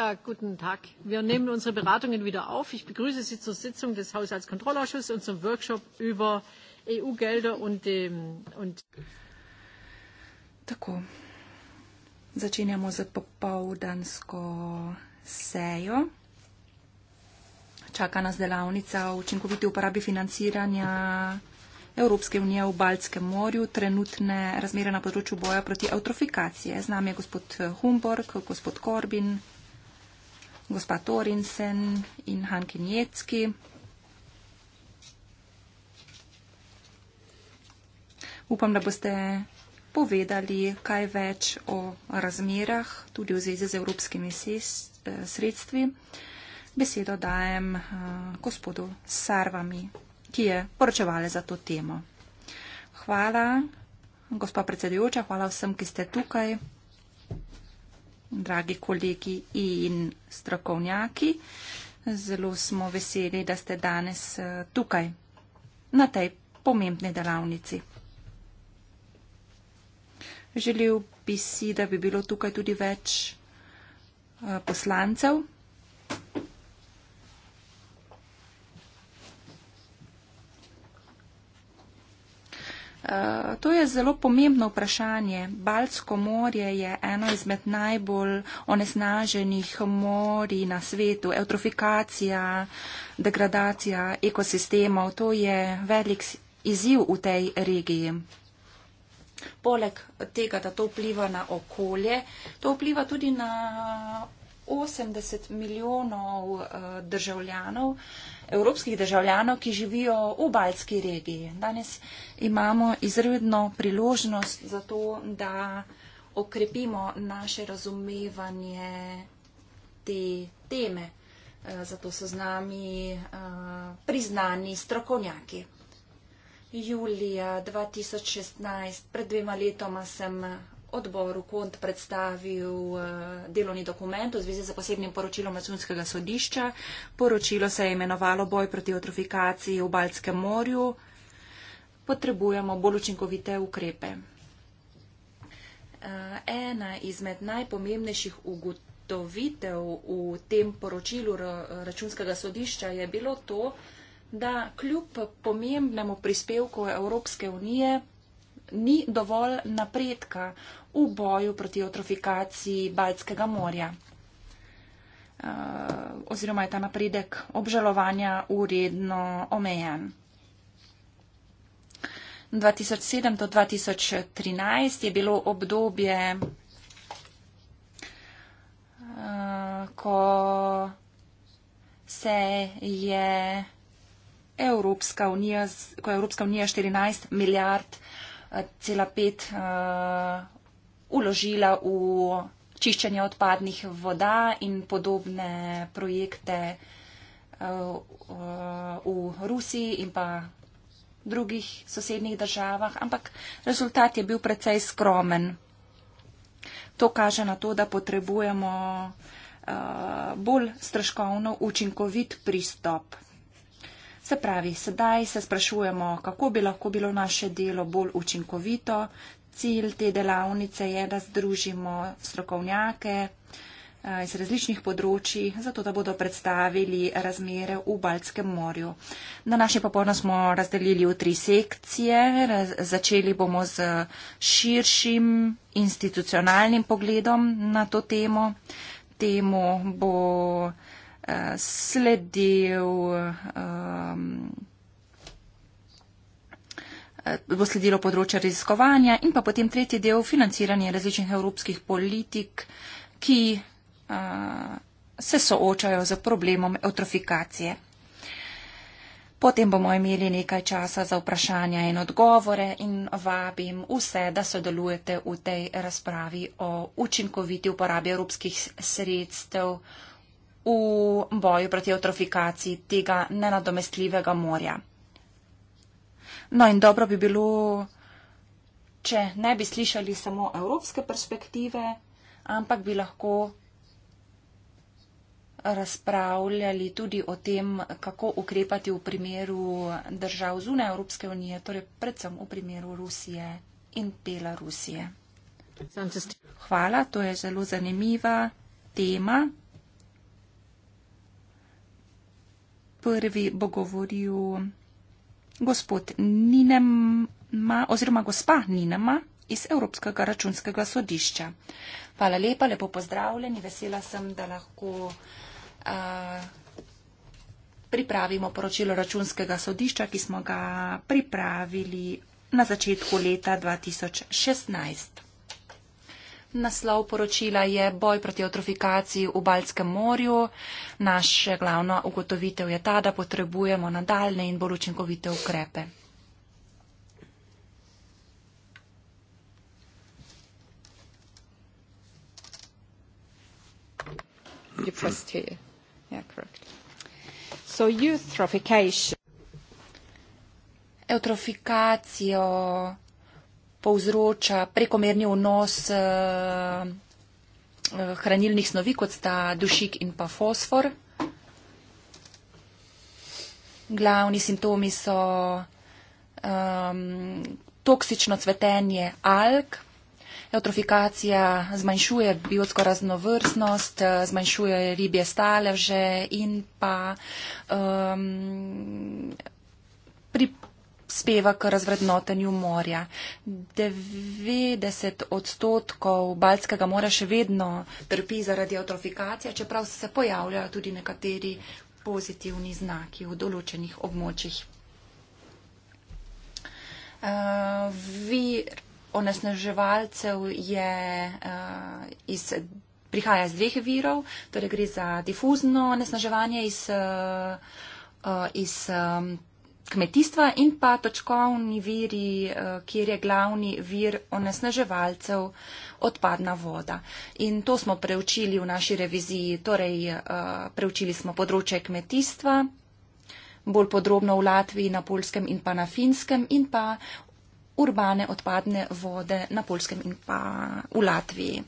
Ja, guten Tag. Wir nehmen unsere Beratungen wieder auf. Ich begrüße Sie zur Sitzung des Haushaltskontrollausschusses und zum Workshop über EU-Gelder und dem und Tako. Začenjamo z popoldansko sejo. Čaka nas delavnica o učinkoviti uporabi financiranja Evropske unije v Baltskem morju, trenutne razmere na področju boja proti eutrofikaciji. Z nami je gospod Humborg, gospod Korbin, gospa Torinsen in Hankin Jecki. Upam, da boste povedali kaj več o razmerah tudi v zvezi z evropskimi sredstvi. Besedo dajem eh, gospodu Sarvami, ki je poročevale za to temo. Hvala, gospa predsedujoča, hvala vsem, ki ste tukaj dragi kolegi in strokovnjaki. Zelo smo veseli, da ste danes eh, tukaj na tej pomembni delavnici. Želel bi si, da bi bilo tukaj tudi več eh, poslancev, Eh, to je zelo pomembno vprašanje. Balsko morje je eno izmed najbolj onesnaženih mori na svetu. Eutrofikacija, degradacija ekosistemov, to je velik izziv v tej regiji. Poleg tega, da to vpliva na okolje, to vpliva tudi na 80 milijonov eh, državljanov, evropskih državljanov, ki živijo v Baljski regiji. Danes imamo izredno priložnost za to, da okrepimo naše razumevanje te teme. Eh, zato so z nami eh, priznani strokovnjaki. Julija 2016, pred dvema letoma sem odboru KONT predstavil eh, delovni dokument v zvezi z posebnim poročilom Nacionalnega sodišča. Poročilo se je imenovalo Boj proti otrofikaciji v Baltskem morju. Potrebujemo bolj učinkovite ukrepe. Eh, ena izmed najpomembnejših ugotovitev v tem poročilu Računskega sodišča je bilo to, da kljub pomembnemu prispevku Evropske unije ni dovolj napredka v boju proti otrofikaciji Baltskega morja. Eh, oziroma je ta napredek obžalovanja uredno omejen. 2007 do 2013 je bilo obdobje, eh, ko se je Evropska unija, ko je Evropska unija 14 milijard cela pet uložila eh, v čiščenje odpadnih voda in podobne projekte eh, eh, v Rusiji in pa drugih sosednjih državah, ampak rezultat je bil precej skromen. To kaže na to, da potrebujemo bolj stroškovno učinkovit pristop. Se pravi, sedaj se sprašujemo, kako bi lahko bilo naše delo bolj učinkovito. Cilj te delavnice je, da združimo strokovnjake eh, iz različnih področji, zato da bodo predstavili razmere v Baltskem morju. Na naše popolno smo razdelili v tri sekcije. Začeli bomo z širšim institucionalnim pogledom na to temo. Temu bo sledil, um, eh, bo sledilo področje raziskovanja in pa potem tretji del financiranje različnih evropskih politik, ki uh, se soočajo z problemom eutrofikacije. Potem bomo imeli nekaj časa za vprašanja in odgovore in vabim vse, da sodelujete v tej razpravi o učinkoviti uporabi evropskih sredstev v boju proti eutrofikaciji tega nenadomestljivega morja. No in dobro bi bilo, če ne bi slišali samo evropske perspektive, ampak bi lahko razpravljali tudi o tem, kako ukrepati v primeru držav zune Evropske unije, torej predvsem v primeru Rusije in Belarusije. Hvala, to je zelo zanimiva tema. prvi bo govoril gospod Ninema oziroma gospa Ninema iz Evropskega računskega sodišča. Hvala lepa, lepo pozdravljeni, vesela sem, da lahko a, pripravimo poročilo računskega sodišča, ki smo ga pripravili na začetku leta 2016. Naslov poročila je Boj proti otrofikaciji v Baltskem morju. Naša glavna ugotovitev je ta, da potrebujemo nadaljne in bolj učinkovite ukrepe. Yeah, Eutrofikacijo povzroča prekomerni vnos eh, eh, hranilnih snovi, kot sta dušik in pa fosfor. Glavni simptomi so um, toksično cvetenje alg, eutrofikacija zmanjšuje biotsko raznovrstnost, eh, zmanjšuje ribje staleže in pa um, pri prispeva k razvrednotenju morja. 90 odstotkov Balckega mora še vedno trpi zaradi eutrofikacije, čeprav se pojavljajo tudi nekateri pozitivni znaki v določenih območjih. Uh, vir onesnaževalcev je uh, iz, prihaja iz dveh virov, torej gre za difuzno onesnaževanje iz, uh, uh, iz um, kmetijstva in pa točkovni viri, eh, kjer je glavni vir onesnaževalcev odpadna voda. In to smo preučili v naši reviziji, torej eh, preučili smo področje kmetijstva, bolj podrobno v Latviji, na Polskem in pa na Finskem in pa urbane odpadne vode na Polskem in pa v Latviji.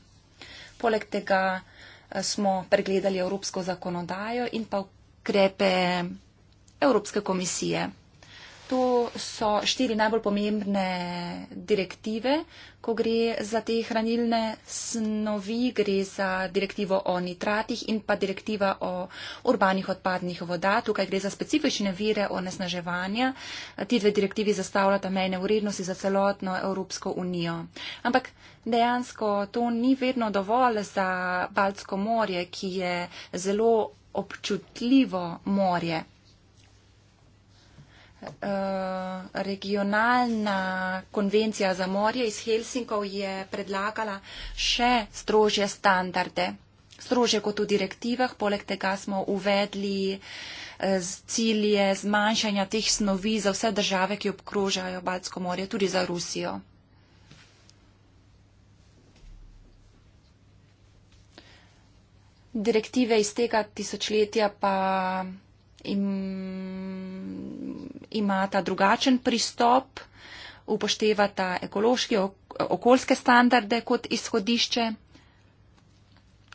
Poleg tega eh, smo pregledali evropsko zakonodajo in pa ukrepe Evropske komisije to so štiri najbolj pomembne direktive, ko gre za te hranilne snovi. Gre za direktivo o nitratih in pa direktiva o urbanih odpadnih voda. Tukaj gre za specifične vire onesnaževanja. Ti dve direktivi zastavljata mejne urednosti za celotno Evropsko unijo. Ampak dejansko to ni vedno dovolj za Baltsko morje, ki je zelo občutljivo morje. Eh, regionalna konvencija za morje iz Helsinkov je predlagala še strožje standarde, strožje kot v direktivah, poleg tega smo uvedli eh, cilje zmanjšanja teh snovi za vse države, ki obkrožajo Balsko morje, tudi za Rusijo. Direktive iz tega tisočletja pa im imata drugačen pristop, upoštevata ekološke, okoljske standarde kot izhodišče,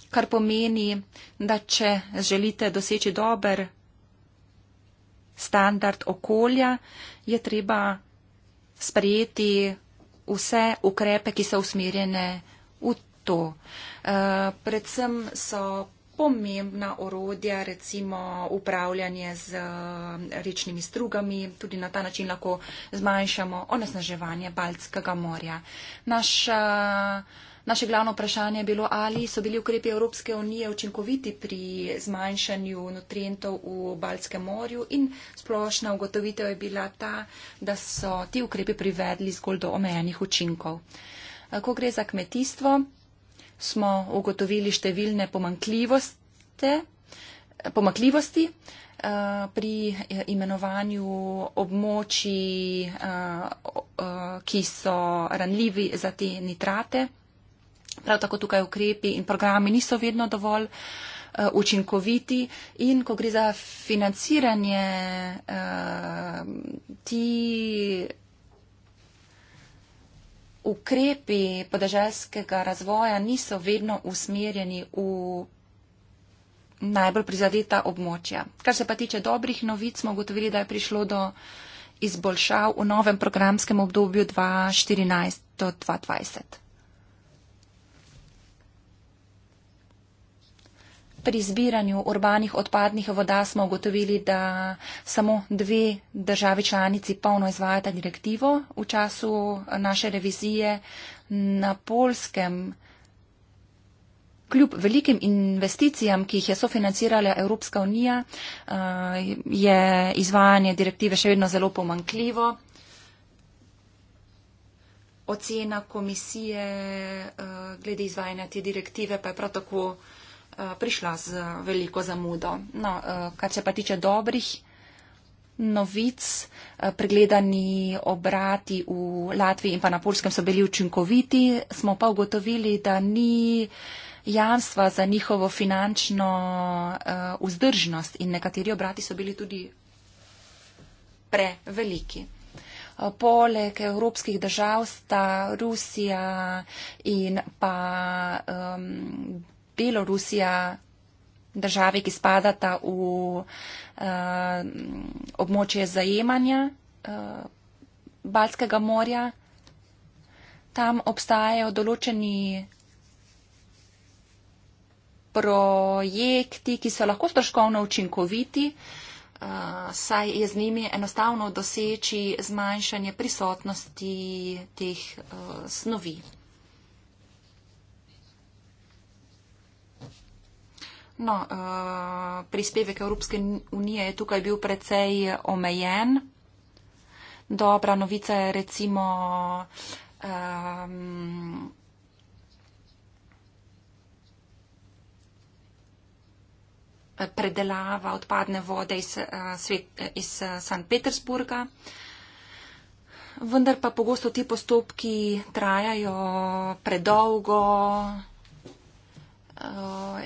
kar pomeni, da če želite doseči dober standard okolja, je treba sprejeti vse ukrepe, ki so usmerjene v to. Uh, predvsem so pomembna orodja, recimo upravljanje z eh, rečnimi strugami. Tudi na ta način lahko zmanjšamo onesnaževanje Baltskega morja. Naš, eh, naše glavno vprašanje je bilo, ali so bili ukrepi Evropske unije učinkoviti pri zmanjšanju nutrientov v Baltskem morju in splošna ugotovitev je bila ta, da so ti ukrepi privedli zgolj do omejenih učinkov. Eh, ko gre za kmetijstvo, smo ugotovili številne pomankljivosti eh, pri eh, imenovanju območji, eh, ki so ranljivi za te nitrate. Prav tako tukaj ukrepi in programi niso vedno dovolj učinkoviti in ko gre za financiranje ti ukrepi podeželskega razvoja niso vedno usmerjeni v najbolj prizadeta območja. Kar se pa tiče dobrih novic, smo ugotovili, da je prišlo do izboljšav v novem programskem obdobju 2014-2020. pri zbiranju urbanih odpadnih voda smo ugotovili, da samo dve države članici polno izvajata direktivo. V času eh, naše revizije na polskem, kljub velikim investicijam, ki jih je sofinancirala Evropska unija, eh, je izvajanje direktive še vedno zelo pomankljivo. Ocena komisije uh, glede izvajanja te direktive pa je prav tako uh, Eh, prišla z veliko zamudo. No, eh, kar se pa tiče dobrih novic, eh, pregledani obrati v Latviji in pa na Polskem so bili učinkoviti, smo pa ugotovili, da ni jamstva za njihovo finančno vzdržnost in nekateri obrati so bili tudi preveliki. Poleg evropskih držav sta Rusija in pa um, Belorusija, države, ki spadata v uh, območje zajemanja uh, eh, Balskega morja, tam obstajajo določeni projekti, ki so lahko stroškovno učinkoviti, uh, saj je z njimi enostavno doseči zmanjšanje prisotnosti teh uh, snovi. No, uh, prispevek Evropske unije je tukaj bil precej omejen. Dobra novica je recimo, um, predelava odpadne vode iz, eh, svet, iz eh, St. Petersburga, vendar pa pogosto ti postopki trajajo predolgo. Uh,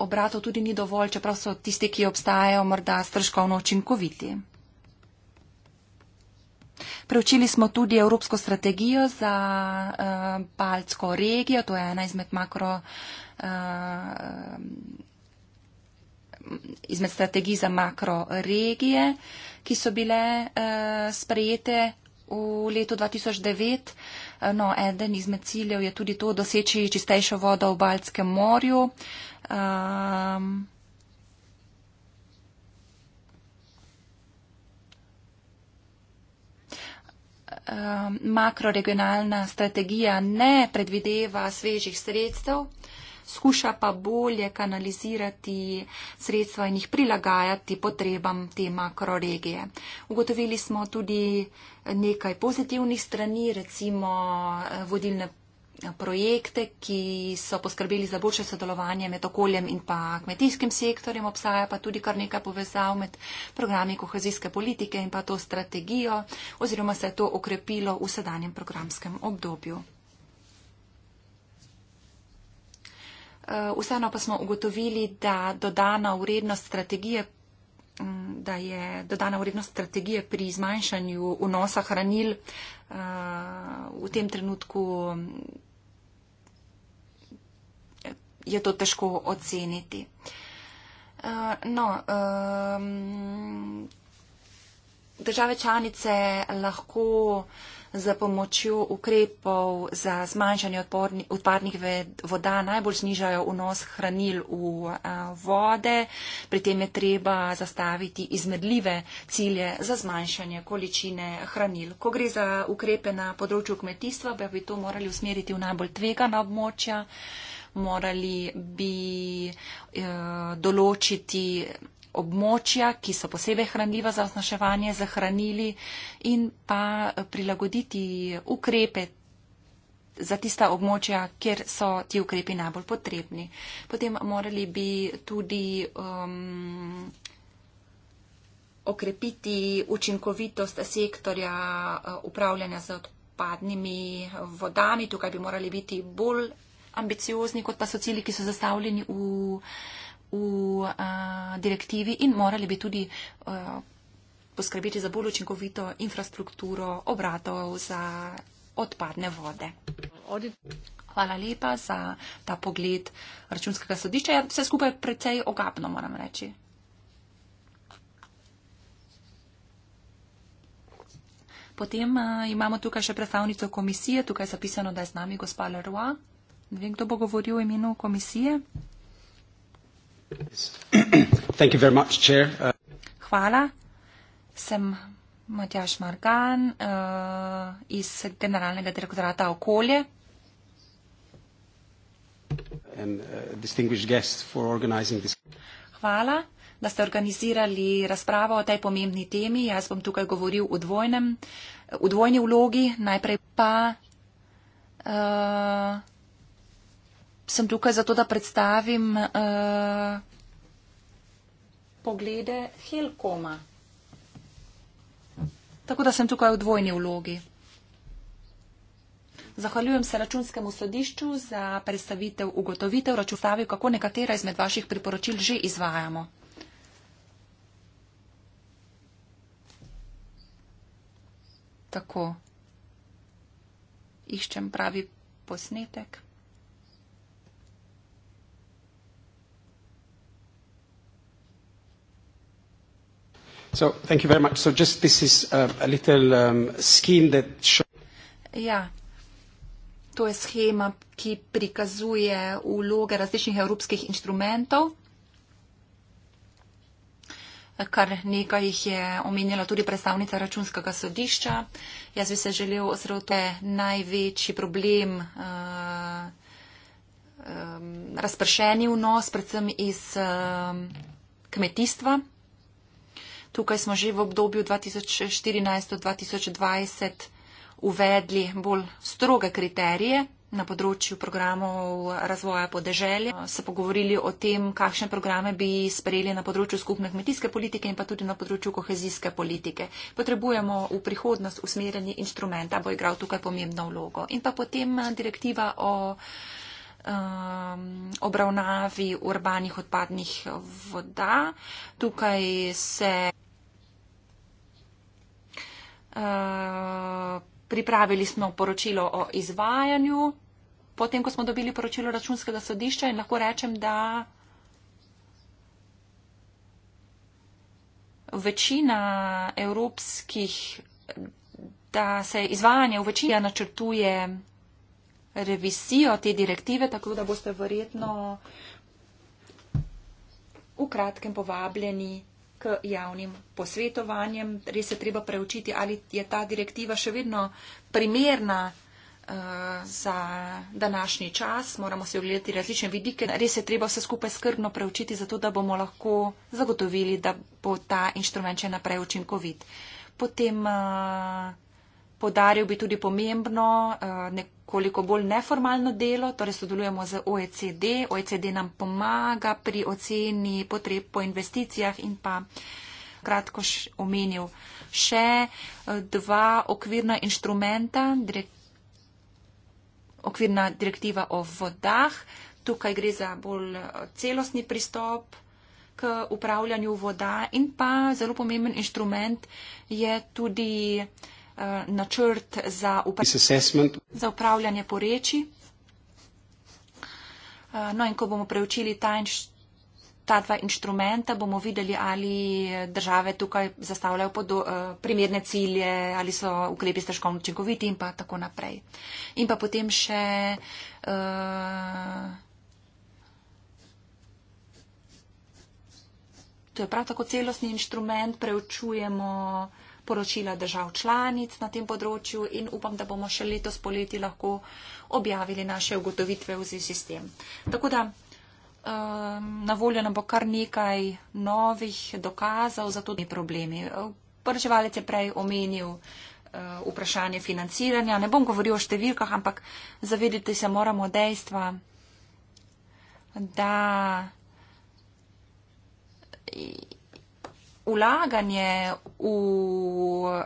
obratov tudi ni dovolj, čeprav so tisti, ki obstajajo, morda stroškovno učinkoviti. Preučili smo tudi Evropsko strategijo za uh, Baltsko regijo, to je ena izmed makro. Uh, izmed strategij za makro regije, ki so bile uh, sprejete v letu 2009. No, eden izmed ciljev je tudi to doseči čistejšo vodo v Baltskem morju. Um, makroregionalna strategija ne predvideva svežih sredstev, skuša pa bolje kanalizirati sredstva in jih prilagajati potrebam te makroregije. Ugotovili smo tudi, nekaj pozitivnih strani, recimo eh, vodilne eh, projekte, ki so poskrbeli za boljše sodelovanje med okoljem in pa kmetijskim sektorjem. Obstaja pa tudi kar nekaj povezav med programi kohezijske politike in pa to strategijo oziroma se je to okrepilo v sedanjem programskem obdobju. Eh, vseeno pa smo ugotovili, da dodana vrednost strategije Mm, da je dodana vrednost strategije pri zmanjšanju vnosa hranil eh, v tem trenutku. Eh, je to težko oceniti. Eh, no, ehm, države članice lahko za pomočjo ukrepov za zmanjšanje odpadnih voda najbolj znižajo vnos hranil v vode. Pri tem je treba zastaviti izmedljive cilje za zmanjšanje količine hranil. Ko gre za ukrepe na področju kmetijstva, bi to morali usmeriti v najbolj tvegana območja. Morali bi eh, določiti območja, ki so posebej hranljiva za osnaševanje, zahranili in pa prilagoditi ukrepe za tista območja, kjer so ti ukrepi najbolj potrebni. Potem morali bi tudi um, okrepiti učinkovitost sektorja uh, upravljanja z odpadnimi uh, vodami. Tukaj bi morali biti bolj ambiciozni, kot pa so cili, ki so zastavljeni v v a, eh, direktivi in morali bi tudi a, eh, poskrbeti za bolj učinkovito infrastrukturo obratov za odpadne vode. Hvala lepa za ta pogled računskega sodišča. Ja, vse skupaj je precej ogabno, moram reči. Potem a, eh, imamo tukaj še predstavnico komisije. Tukaj je zapisano, da je z nami gospa Leroy. Ne vem, kdo bo govoril v imenu komisije. Uh, Hvala. Sem Matjaš Margan uh, iz Generalnega direktorata okolje. And, uh, Hvala, da ste organizirali razpravo o tej pomembni temi. Jaz bom tukaj govoril v, dvojnem, v dvojni vlogi. Najprej pa. Uh, sem tukaj zato, da predstavim uh, poglede Helkoma. Tako da sem tukaj v dvojni vlogi. Zahvaljujem se računskemu sodišču za predstavitev ugotovitev računstavi, kako nekatera izmed vaših priporočil že izvajamo. Tako. Iščem pravi posnetek. So, thank you very much. So just this is uh, a little um, scheme that shows. Ja, to je schema, ki prikazuje uloge različnih evropskih instrumentov, kar nekaj jih je omenjala tudi predstavnica računskega sodišča. Jaz bi se želel osredotočiti največji problem. Uh, um, Razpršeni vnos, predvsem iz um, kmetijstva, tukaj smo že v obdobju 2014-2020 uvedli bolj stroge kriterije na področju programov razvoja podeželja. Se pogovorili o tem, kakšne programe bi sprejeli na področju skupne kmetijske politike in pa tudi na področju kohezijske politike. Potrebujemo v prihodnost usmerjanje instrumenta, bo igral tukaj pomembno vlogo. In pa potem eh, direktiva o um, obravnavi urbanih odpadnih voda. Tukaj se Eh, pripravili smo poročilo o izvajanju, potem, ko smo dobili poročilo računskega sodišča in lahko rečem, da večina evropskih, da se izvajanje v večini načrtuje revizijo te direktive, tako da boste verjetno v kratkem povabljeni javnim posvetovanjem. Res je treba preučiti, ali je ta direktiva še vedno primerna eh, za današnji čas. Moramo se ogledati različne vidike. Res je treba vse skupaj skrbno preučiti, zato da bomo lahko zagotovili, da bo ta inštrument še naprej učinkovit. Potem uh, Podaril bi tudi pomembno, eh, nekoliko bolj neformalno delo, torej sodelujemo z OECD. OECD nam pomaga pri oceni potreb po investicijah in pa kratko omenil še eh, dva okvirna inštrumenta, direk, okvirna direktiva o vodah. Tukaj gre za bolj eh, celostni pristop k upravljanju voda in pa zelo pomemben inštrument je tudi Eh, načrt za, za upravljanje po reči. Eh, no in ko bomo preučili ta, inš, ta dva inštrumenta, bomo videli, ali države tukaj zastavljajo podo, eh, primerne cilje, ali so ukrepi stržkovno učinkoviti in pa tako naprej. In pa potem še. Uh, To je prav tako celostni inštrument, preučujemo poročila držav članic na tem področju in upam, da bomo še letos poleti lahko objavili naše ugotovitve v zvezi s tem. Tako da ehm, na voljo nam bo kar nekaj novih dokazov za tudi problemi. Poročevalec je prej omenil eh, vprašanje financiranja. Ne bom govoril o številkah, ampak zavedite se moramo dejstva, da ulaganje v um,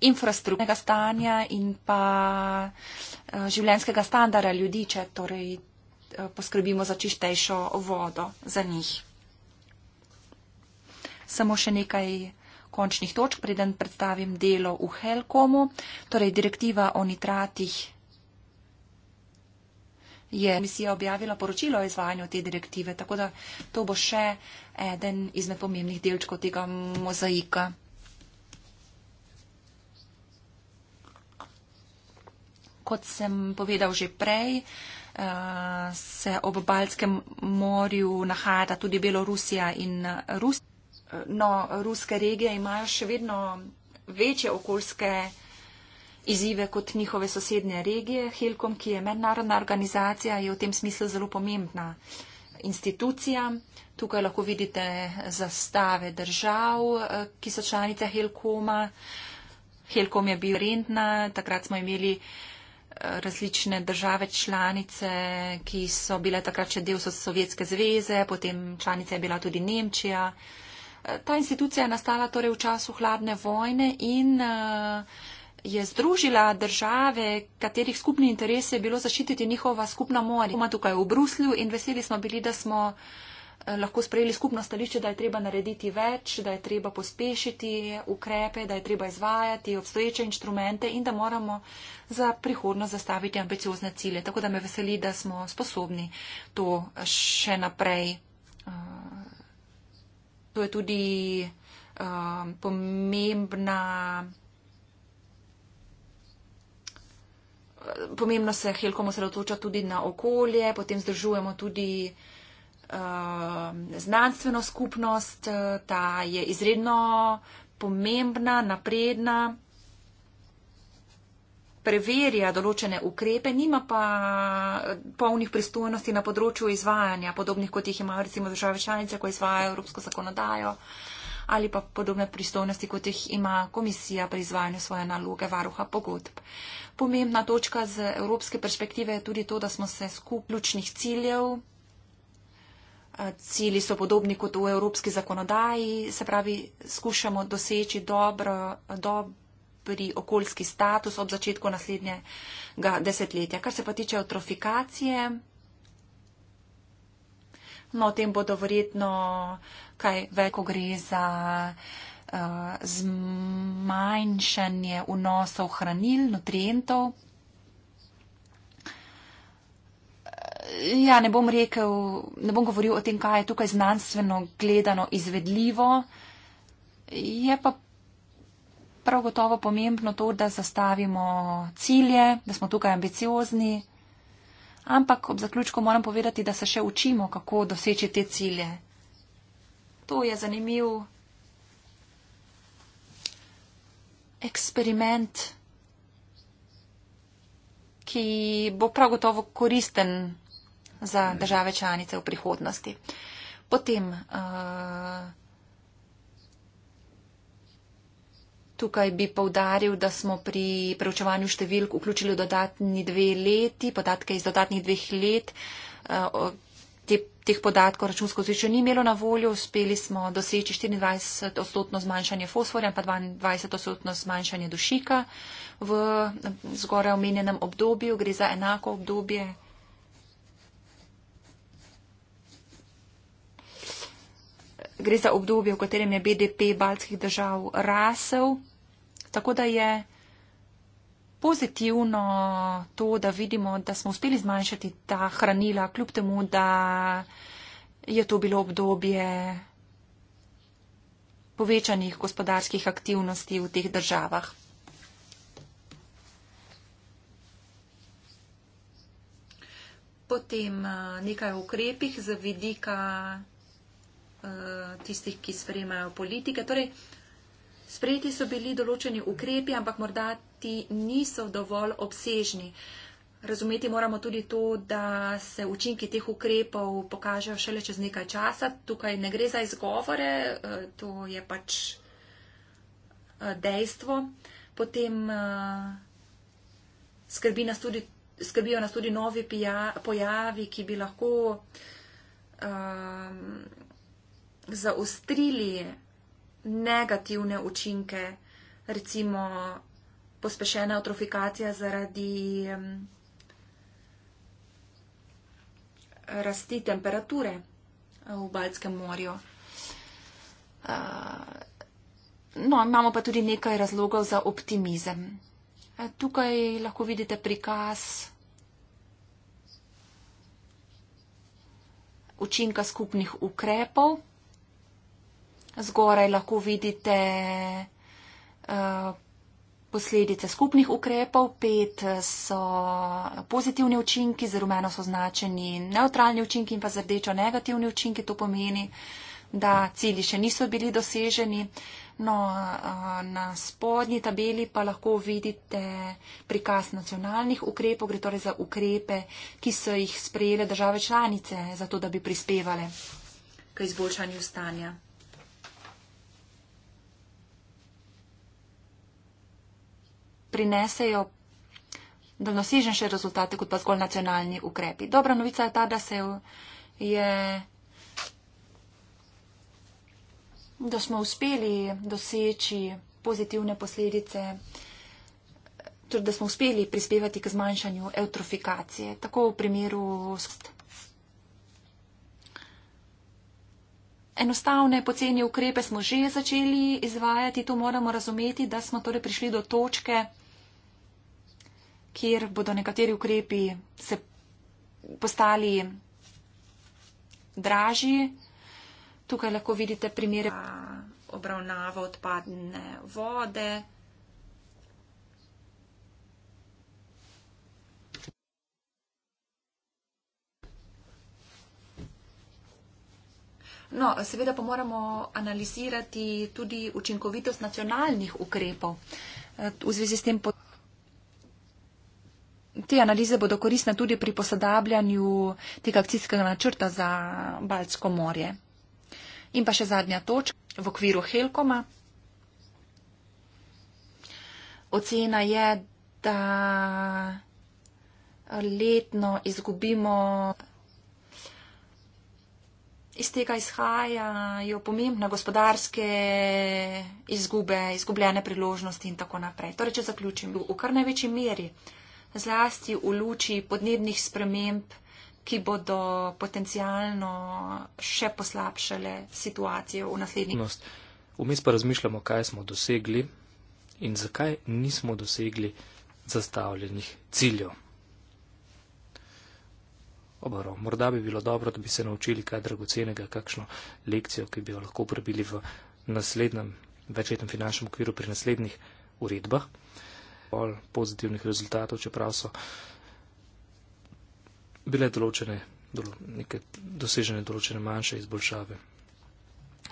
infrastrukturnega stanja in pa uh, življenskega standarda ljudi, če torej uh, poskrbimo za čistejšo vodo za njih. Samo še nekaj končnih točk, preden predstavim delo v Helkomu, torej direktiva o nitratih je misija objavila poročilo o izvajanju te direktive, tako da to bo še eden izmed pomembnih delčkov tega mozaika. Kot sem povedal že prej, eh, se ob Balskem morju nahajata tudi Belorusija in Rusija. No, ruske regije imajo še vedno večje okoljske izzive kot njihove sosednje regije. Helkom, ki je mednarodna organizacija, je v tem smislu zelo pomembna institucija. Tukaj lahko vidite zastave držav, eh, ki so članice Helkoma. Helkom je bil rentna, takrat smo imeli eh, različne države članice, ki so bile takrat še del Sovjetske zveze, potem članica je bila tudi Nemčija. Eh, ta institucija je nastala torej v času hladne vojne in uh, je združila države, katerih skupni interes je bilo zaščititi njihova skupna morja. Oma tukaj v Bruslju in veseli smo bili, da smo eh, lahko sprejeli skupno stališče, da je treba narediti več, da je treba pospešiti ukrepe, da je treba izvajati obstoječe inštrumente in da moramo za prihodnost zastaviti ambiciozne cilje. Tako da me veseli, da smo sposobni to še naprej. Eh, to je tudi eh, pomembna pomembno se Helkom osredotoča tudi na okolje, potem združujemo tudi uh, znanstveno skupnost, uh, ta je izredno pomembna, napredna, preverja določene ukrepe, nima pa uh, polnih pristojnosti na področju izvajanja, podobnih kot jih imajo recimo države članice, ko izvajajo evropsko zakonodajo ali pa podobne pristojnosti, kot jih ima komisija pri izvajanju svoje naloge varuha pogodb. Pomembna točka z evropske perspektive je tudi to, da smo se skup ključnih ciljev. Cili so podobni kot v evropski zakonodaji, se pravi, skušamo doseči dobro, dobri okoljski status ob začetku naslednjega desetletja. Kar se pa tiče eutrofikacije, no, o tem bodo verjetno kaj veliko gre za. Eh, zmanjšanje vnosov hranil, nutrientov. Ja, ne bom rekel, ne bom govoril o tem, kaj je tukaj znanstveno gledano izvedljivo. Je pa prav gotovo pomembno to, da zastavimo cilje, da smo tukaj ambiciozni. Ampak ob zaključku moram povedati, da se še učimo, kako doseči te cilje. To je zanimivo. eksperiment, ki bo prav gotovo koristen za države članice v prihodnosti. Potem eh, tukaj bi povdaril, da smo pri preučevanju številk vključili dodatni dve leti, podatke iz dodatnih dveh let eh, teh podatkov računsko zvečo ni imelo na voljo, uspeli smo doseči 24-odstotno zmanjšanje fosforja in pa 22-odstotno zmanjšanje dušika v zgoraj omenjenem obdobju. Gre za enako obdobje. Gre za obdobje, v katerem je BDP baltskih držav rasel. Tako da je pozitivno to, da vidimo, da smo uspeli zmanjšati ta hranila, kljub temu, da je to bilo obdobje povečanih gospodarskih aktivnosti v teh državah. Potem eh, nekaj ukrepih za vidika eh, tistih, ki spremajo politike. Torej, Sprejeti so bili določeni ukrepi, ampak morda ti niso dovolj obsežni. Razumeti moramo tudi to, da se učinki teh ukrepov pokažejo šele čez nekaj časa. Tukaj ne gre za izgovore, eh, to je pač eh, dejstvo. Potem eh, skrbi nas tudi, skrbijo nas tudi novi pojavi, ki bi lahko um, zaostrili negativne učinke, recimo pospešena atrofikacija zaradi um, rasti temperature v Baltskem morju. Uh, no, imamo pa tudi nekaj razlogov za optimizem. Tukaj lahko vidite prikaz učinka skupnih ukrepov zgoraj lahko vidite uh, posledice skupnih ukrepov, pet eh, so pozitivni učinki, z rumeno so označeni neutralni učinki in pa z rdečo negativni učinki. To pomeni, da cilji še niso bili doseženi. No, eh, na spodnji tabeli pa lahko vidite prikaz nacionalnih ukrepov, gre torej za ukrepe, ki so jih sprejele države članice, zato da bi prispevale k izboljšanju stanja. prinesejo daljnosežnejše rezultate kot pa zgolj nacionalni ukrepi. Dobra novica je ta, da se je. da smo uspeli doseči pozitivne posledice, tudi torej, da smo uspeli prispevati k zmanjšanju eutrofikacije. Tako v primeru enostavne poceni ukrepe smo že začeli izvajati, to moramo razumeti, da smo torej prišli do točke, kjer bodo nekateri ukrepi se postali dražji. Tukaj lahko vidite primere obravnave odpadne vode. No, seveda pa moramo analizirati tudi učinkovitost nacionalnih ukrepov. Eh, v zvezi s tem potrebujemo te analize bodo koristne tudi pri posodabljanju tega akcijskega načrta za Baltsko morje. In pa še zadnja točka v okviru Helkoma. Ocena je, da letno izgubimo. Iz tega izhajajo pomembne gospodarske izgube, izgubljene priložnosti in tako naprej. Torej, če zaključim, v kar največji meri zlasti v luči podnebnih sprememb, ki bodo potencialno še poslabšale situacijo v naslednjih. Vmes pa razmišljamo, kaj smo dosegli in zakaj nismo dosegli zastavljenih ciljev. Obaro, morda bi bilo dobro, da bi se naučili kaj dragocenega, kakšno lekcijo, ki bi jo lahko prebili v naslednjem večletnem finančnem okviru pri naslednjih uredbah bolj pozitivnih rezultatov, čeprav so bile določene, dolo, neke dosežene določene manjše izboljšave,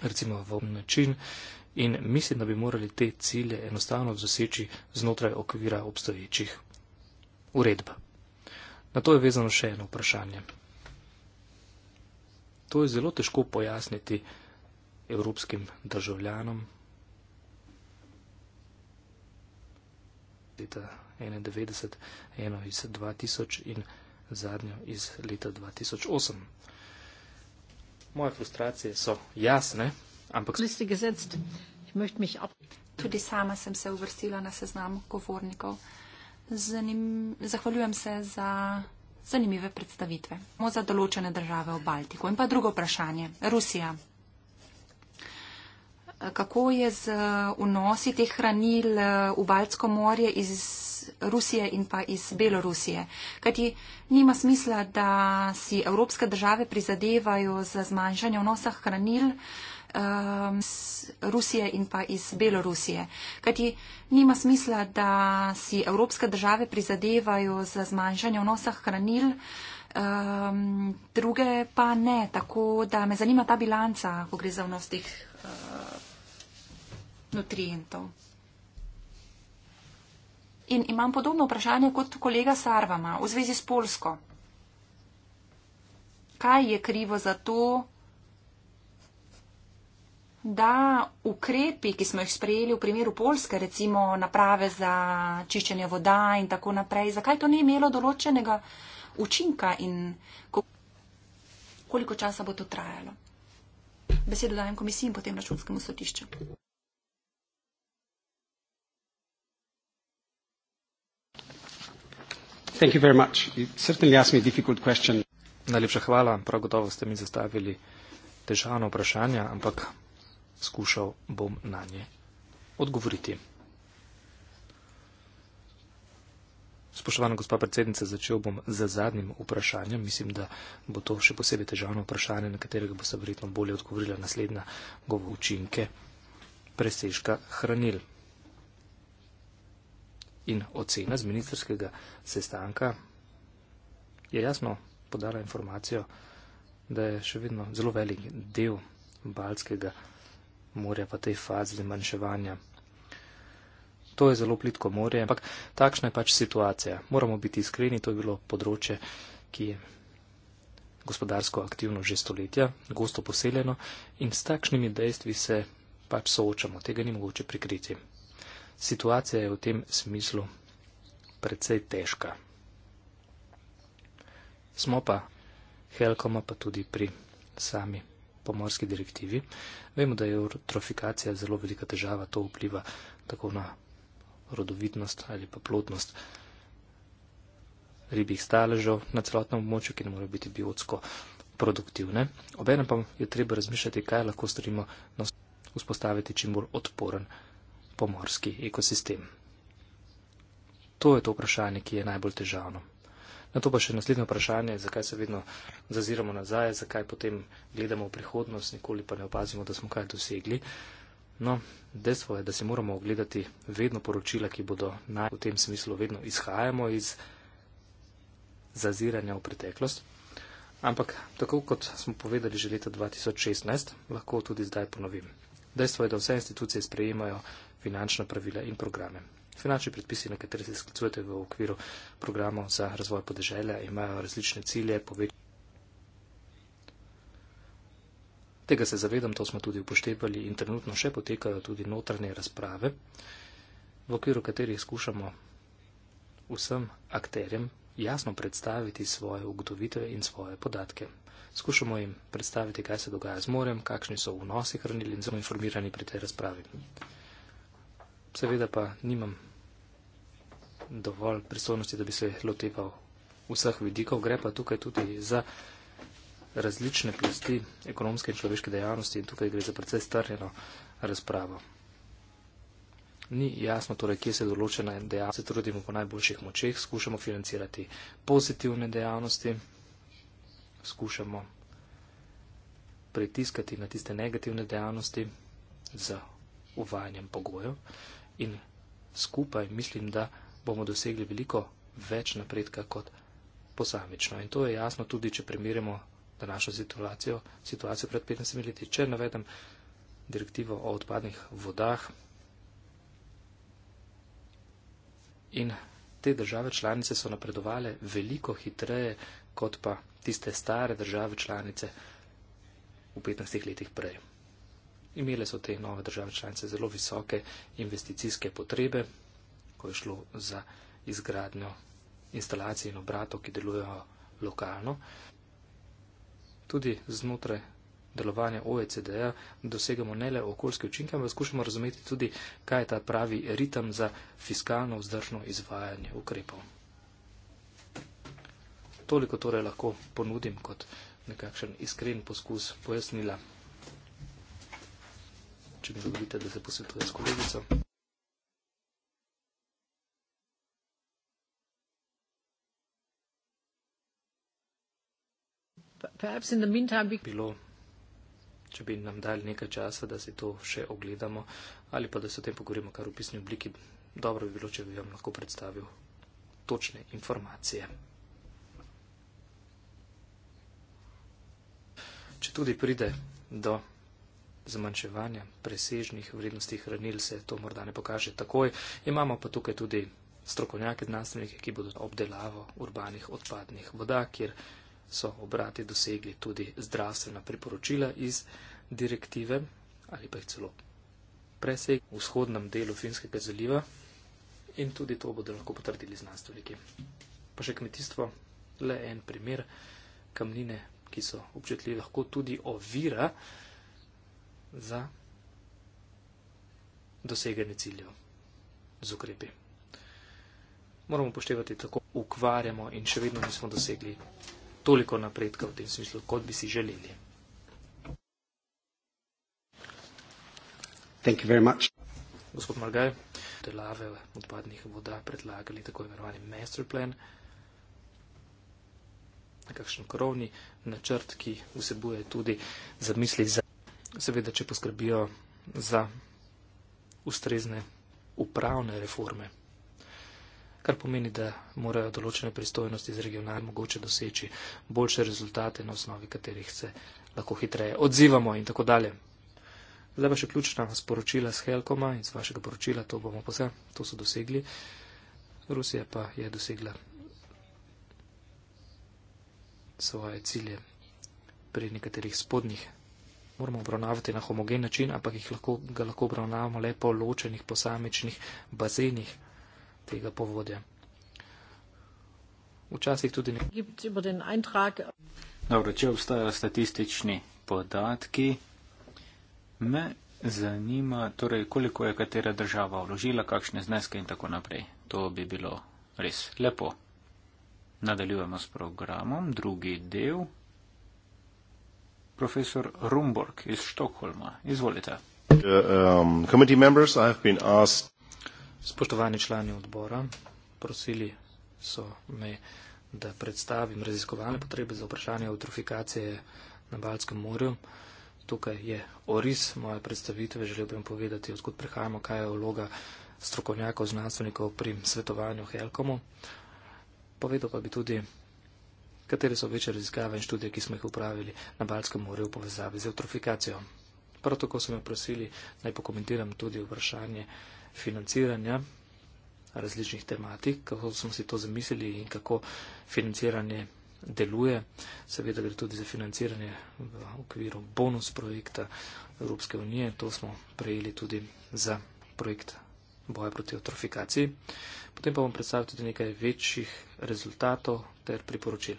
recimo v način. In mislim, da bi morali te cilje enostavno doseči znotraj okvira obstoječih uredb. Na to je vezano še eno vprašanje. To je zelo težko pojasniti evropskim državljanom, leta 1991, eno iz 2000 in zadnjo iz leta 2008. Moje frustracije so jasne, ampak. Tudi sama sem se uvrstila na seznam govornikov. Zanim, zahvaljujem se za zanimive predstavitve. Mo za določene države v Baltiku. In pa drugo vprašanje. Rusija kako je z eh, vnosi teh hranil eh, v Baltsko morje iz Rusije in pa iz Belorusije. Kajti nima smisla, da si evropske države prizadevajo za zmanjšanje vnosa hranil iz ehm, Rusije in pa iz Belorusije. Kajti nima smisla, da si evropske države prizadevajo za zmanjšanje vnosa hranil, ehm, druge pa ne. Tako da me zanima ta bilanca, ko gre za vnos teh uh, nutrientov. In imam podobno vprašanje kot kolega Sarvama v zvezi s Polsko. Kaj je krivo za to, da ukrepi, ki smo jih sprejeli v primeru Polske, recimo naprave za čiščenje voda in tako naprej, zakaj to ni imelo določenega učinka in koliko časa bo to trajalo? besedo dajem komisiji in potem računskemu sodišču. Najlepša hvala, prav gotovo ste mi zastavili težavno vprašanje, ampak skušal bom na nje odgovoriti. Spoštovana gospa predsednica, začel bom z zadnjim vprašanjem. Mislim, da bo to še posebej težavno vprašanje, na katerega bo se verjetno bolje odgovorila naslednja govo učinke presežka hranil. In ocena z ministerskega sestanka je jasno podala informacijo, da je še vedno zelo velik del Balskega morja v tej fazi zmanjševanja To je zelo plitko morje, ampak takšna je pač situacija. Moramo biti iskreni, to je bilo področje, ki je gospodarsko aktivno že stoletja, gosto poseljeno in s takšnimi dejstvi se pač soočamo, tega ni mogoče prikriti. Situacija je v tem smislu precej težka. Smo pa Helkoma, pa tudi pri sami pomorski direktivi. Vemo, da je eutrofikacija zelo velika težava, to vpliva tako na rodovitnost ali pa plodnost ribjih staležev na celotnem območju, ki ne morejo biti biotsko produktivne. Obenem pa je treba razmišljati, kaj lahko storimo, da vzpostavimo čim bolj odporen pomorski ekosistem. To je to vprašanje, ki je najbolj težavno. Na to pa še naslednje vprašanje, zakaj se vedno zaziramo nazaj, zakaj potem gledamo v prihodnost, nikoli pa ne opazimo, da smo kaj dosegli. No, dejstvo je, da si moramo ogledati vedno poročila, ki bodo naj v tem smislu vedno izhajamo iz zaziranja v preteklost. Ampak tako kot smo povedali že leta 2016, lahko tudi zdaj ponovim. Dejstvo je, da vse institucije sprejemajo finančna pravila in programe. Finančni predpisi, na katere se sklicujete v okviru programov za razvoj podeželja, imajo različne cilje, povečanje. Tega se zavedam, to smo tudi upoštevali in trenutno še potekajo tudi notranje razprave, v okviru katerih skušamo vsem akterjem jasno predstaviti svoje ugotovitve in svoje podatke. Skušamo jim predstaviti, kaj se dogaja z morem, kakšni so vnosi hranili in zelo informirani pri tej razpravi. Seveda pa nimam dovolj pristojnosti, da bi se loteval vseh vidikov, gre pa tukaj tudi za različne plasti ekonomske in človeške dejavnosti in tukaj gre za precej strnjeno razpravo. Ni jasno, torej, kje se določena dejavnost, se trudimo po najboljših močeh, skušamo financirati pozitivne dejavnosti, skušamo pritiskati na tiste negativne dejavnosti z uvajanjem pogojev in skupaj mislim, da bomo dosegli veliko več napredka kot posamično. In to je jasno tudi, če primerjamo današnjo situacijo, situacijo pred 15 leti. Če navedem direktivo o odpadnih vodah in te države članice so napredovale veliko hitreje kot pa tiste stare države članice v 15 letih prej. Imele so te nove države članice zelo visoke investicijske potrebe, ko je šlo za izgradnjo instalacij in obratov, ki delujejo lokalno tudi znotraj delovanja OECD-ja dosegamo ne le okoljske učinke, ampak skušamo razumeti tudi, kaj je ta pravi ritem za fiskalno vzdržno izvajanje ukrepov. Toliko torej lahko ponudim kot nekakšen iskren poskus pojasnila. Če mi dovolite, da se posvetujem s kolegico. bilo, če bi nam dali nekaj časa, da si to še ogledamo ali pa da se o tem pogovorimo kar v pisni obliki, dobro bi bilo, če bi vam lahko predstavil točne informacije. Če tudi pride do zmanjševanja presežnih vrednosti hranil, se to morda ne pokaže takoj. Imamo pa tukaj tudi strokovnjake, znanstvenike, ki bodo obdelavo urbanih odpadnih voda, kjer so obrati dosegli tudi zdravstvena priporočila iz direktive ali pa jih celo presej v vzhodnem delu Finskega zaliva in tudi to bodo lahko potrdili znanstveniki. Pa še kmetijstvo, le en primer kamnine, ki so občutljivi lahko tudi ovira za doseganje ciljev z ukrepi. Moramo poštevati, tako ukvarjamo in še vedno nismo dosegli toliko napredka v tem smislu, kot bi si želeli. Gospod Margaj, delave odpadnih voda predlagali tako imenovani master plan, nekakšen krovni načrt, ki vsebuje tudi zamisli za, seveda, če poskrbijo za ustrezne upravne reforme kar pomeni, da morajo določene pristojnosti z regionalne mogoče doseči boljše rezultate, na osnovi katerih se lahko hitreje odzivamo in tako dalje. Zdaj pa še ključna sporočila s Helkoma in z vašega poročila, to bomo posebej, to so dosegli. Rusija pa je dosegla svoje cilje pri nekaterih spodnjih. Moramo obravnavati na homogen način, ampak jih lahko, ga lahko obravnavamo le po ločenih posamečnih bazenih, tega povodja. Včasih tudi nekaj. Če obstajajo statistični podatki, me zanima, torej, koliko je katera država vložila, kakšne zneske in tako naprej. To bi bilo res lepo. Nadaljujemo s programom. Drugi del. Profesor Rumborg iz Štokholma. Izvolite. The, uh, um, committee members, I have been asked. Spoštovani člani odbora, prosili so me, da predstavim raziskovalne potrebe za vprašanje eutrofikacije na Balskem morju. Tukaj je oris moje predstavitve, želel bi vam povedati, odkud prihajamo, kaj je vloga strokovnjakov, znanstvenikov pri svetovanju Helkomu. Povedal pa bi tudi, katere so večje raziskave in študije, ki smo jih upravili na Balskem morju v povezavi z eutrofikacijo. Prav tako so me prosili, naj pokomentiram tudi vprašanje financiranja različnih tematik, kako smo si to zamislili in kako financiranje deluje. Seveda gre tudi za financiranje v okviru bonus projekta Evropske unije. To smo prejeli tudi za projekt boja proti otrofikaciji. Potem pa bom predstavil tudi nekaj večjih rezultatov ter priporočil.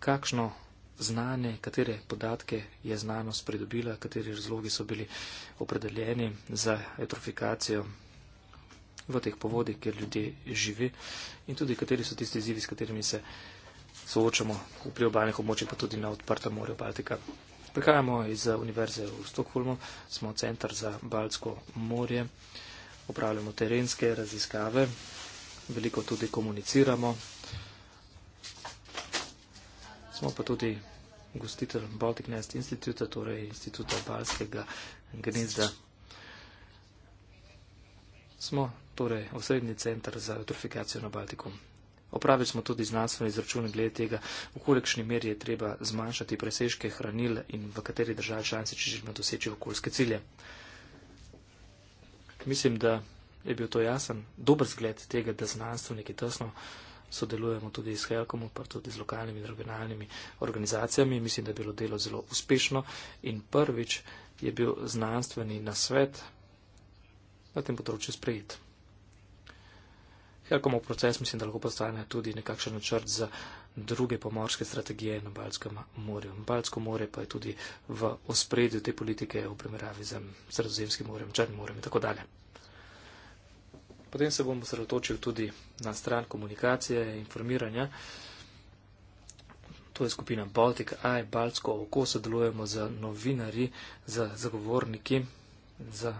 Kakšno znane, katere podatke je znanost pridobila, kateri razlogi so bili opredeljeni za eutrofikacijo v teh povodih, kjer ljudje živi in tudi kateri so tisti izzivi, s katerimi se soočamo v priobalnih območjih, pa tudi na odprtem morju Baltika. Prihajamo iz Univerze v Stokholmu, smo centr za Baltsko morje, upravljamo terenske raziskave, veliko tudi komuniciramo smo pa tudi gostitelj Baltic Nest Instituta, torej Instituta Balskega gnezda. Smo torej osrednji centr za eutrofikacijo na Baltiku. Opravili smo tudi znanstvene izračune glede tega, v kolikšni meri je treba zmanjšati presežke hranil in v kateri državi članici, če želimo doseči okoljske cilje. Mislim, da je bil to jasen, dober zgled tega, da znanstveniki tesno. To sodelujemo tudi s Helkom, pa tudi z lokalnimi in regionalnimi organizacijami. Mislim, da je bilo delo zelo uspešno in prvič je bil znanstveni nasvet na tem področju sprejet. Helkomov proces mislim, da lahko postane tudi nekakšen načrt za druge pomorske strategije na Balskem morju. Balsko more pa je tudi v ospredju te politike v primerjavi z Sredozemskim morjem, Črnim morjem in tako dalje. Potem se bomo sredotočili tudi na stran komunikacije in informiranja. To je skupina Baltic Eye, Baltsko oko, sodelujemo z novinarji, z zagovorniki, z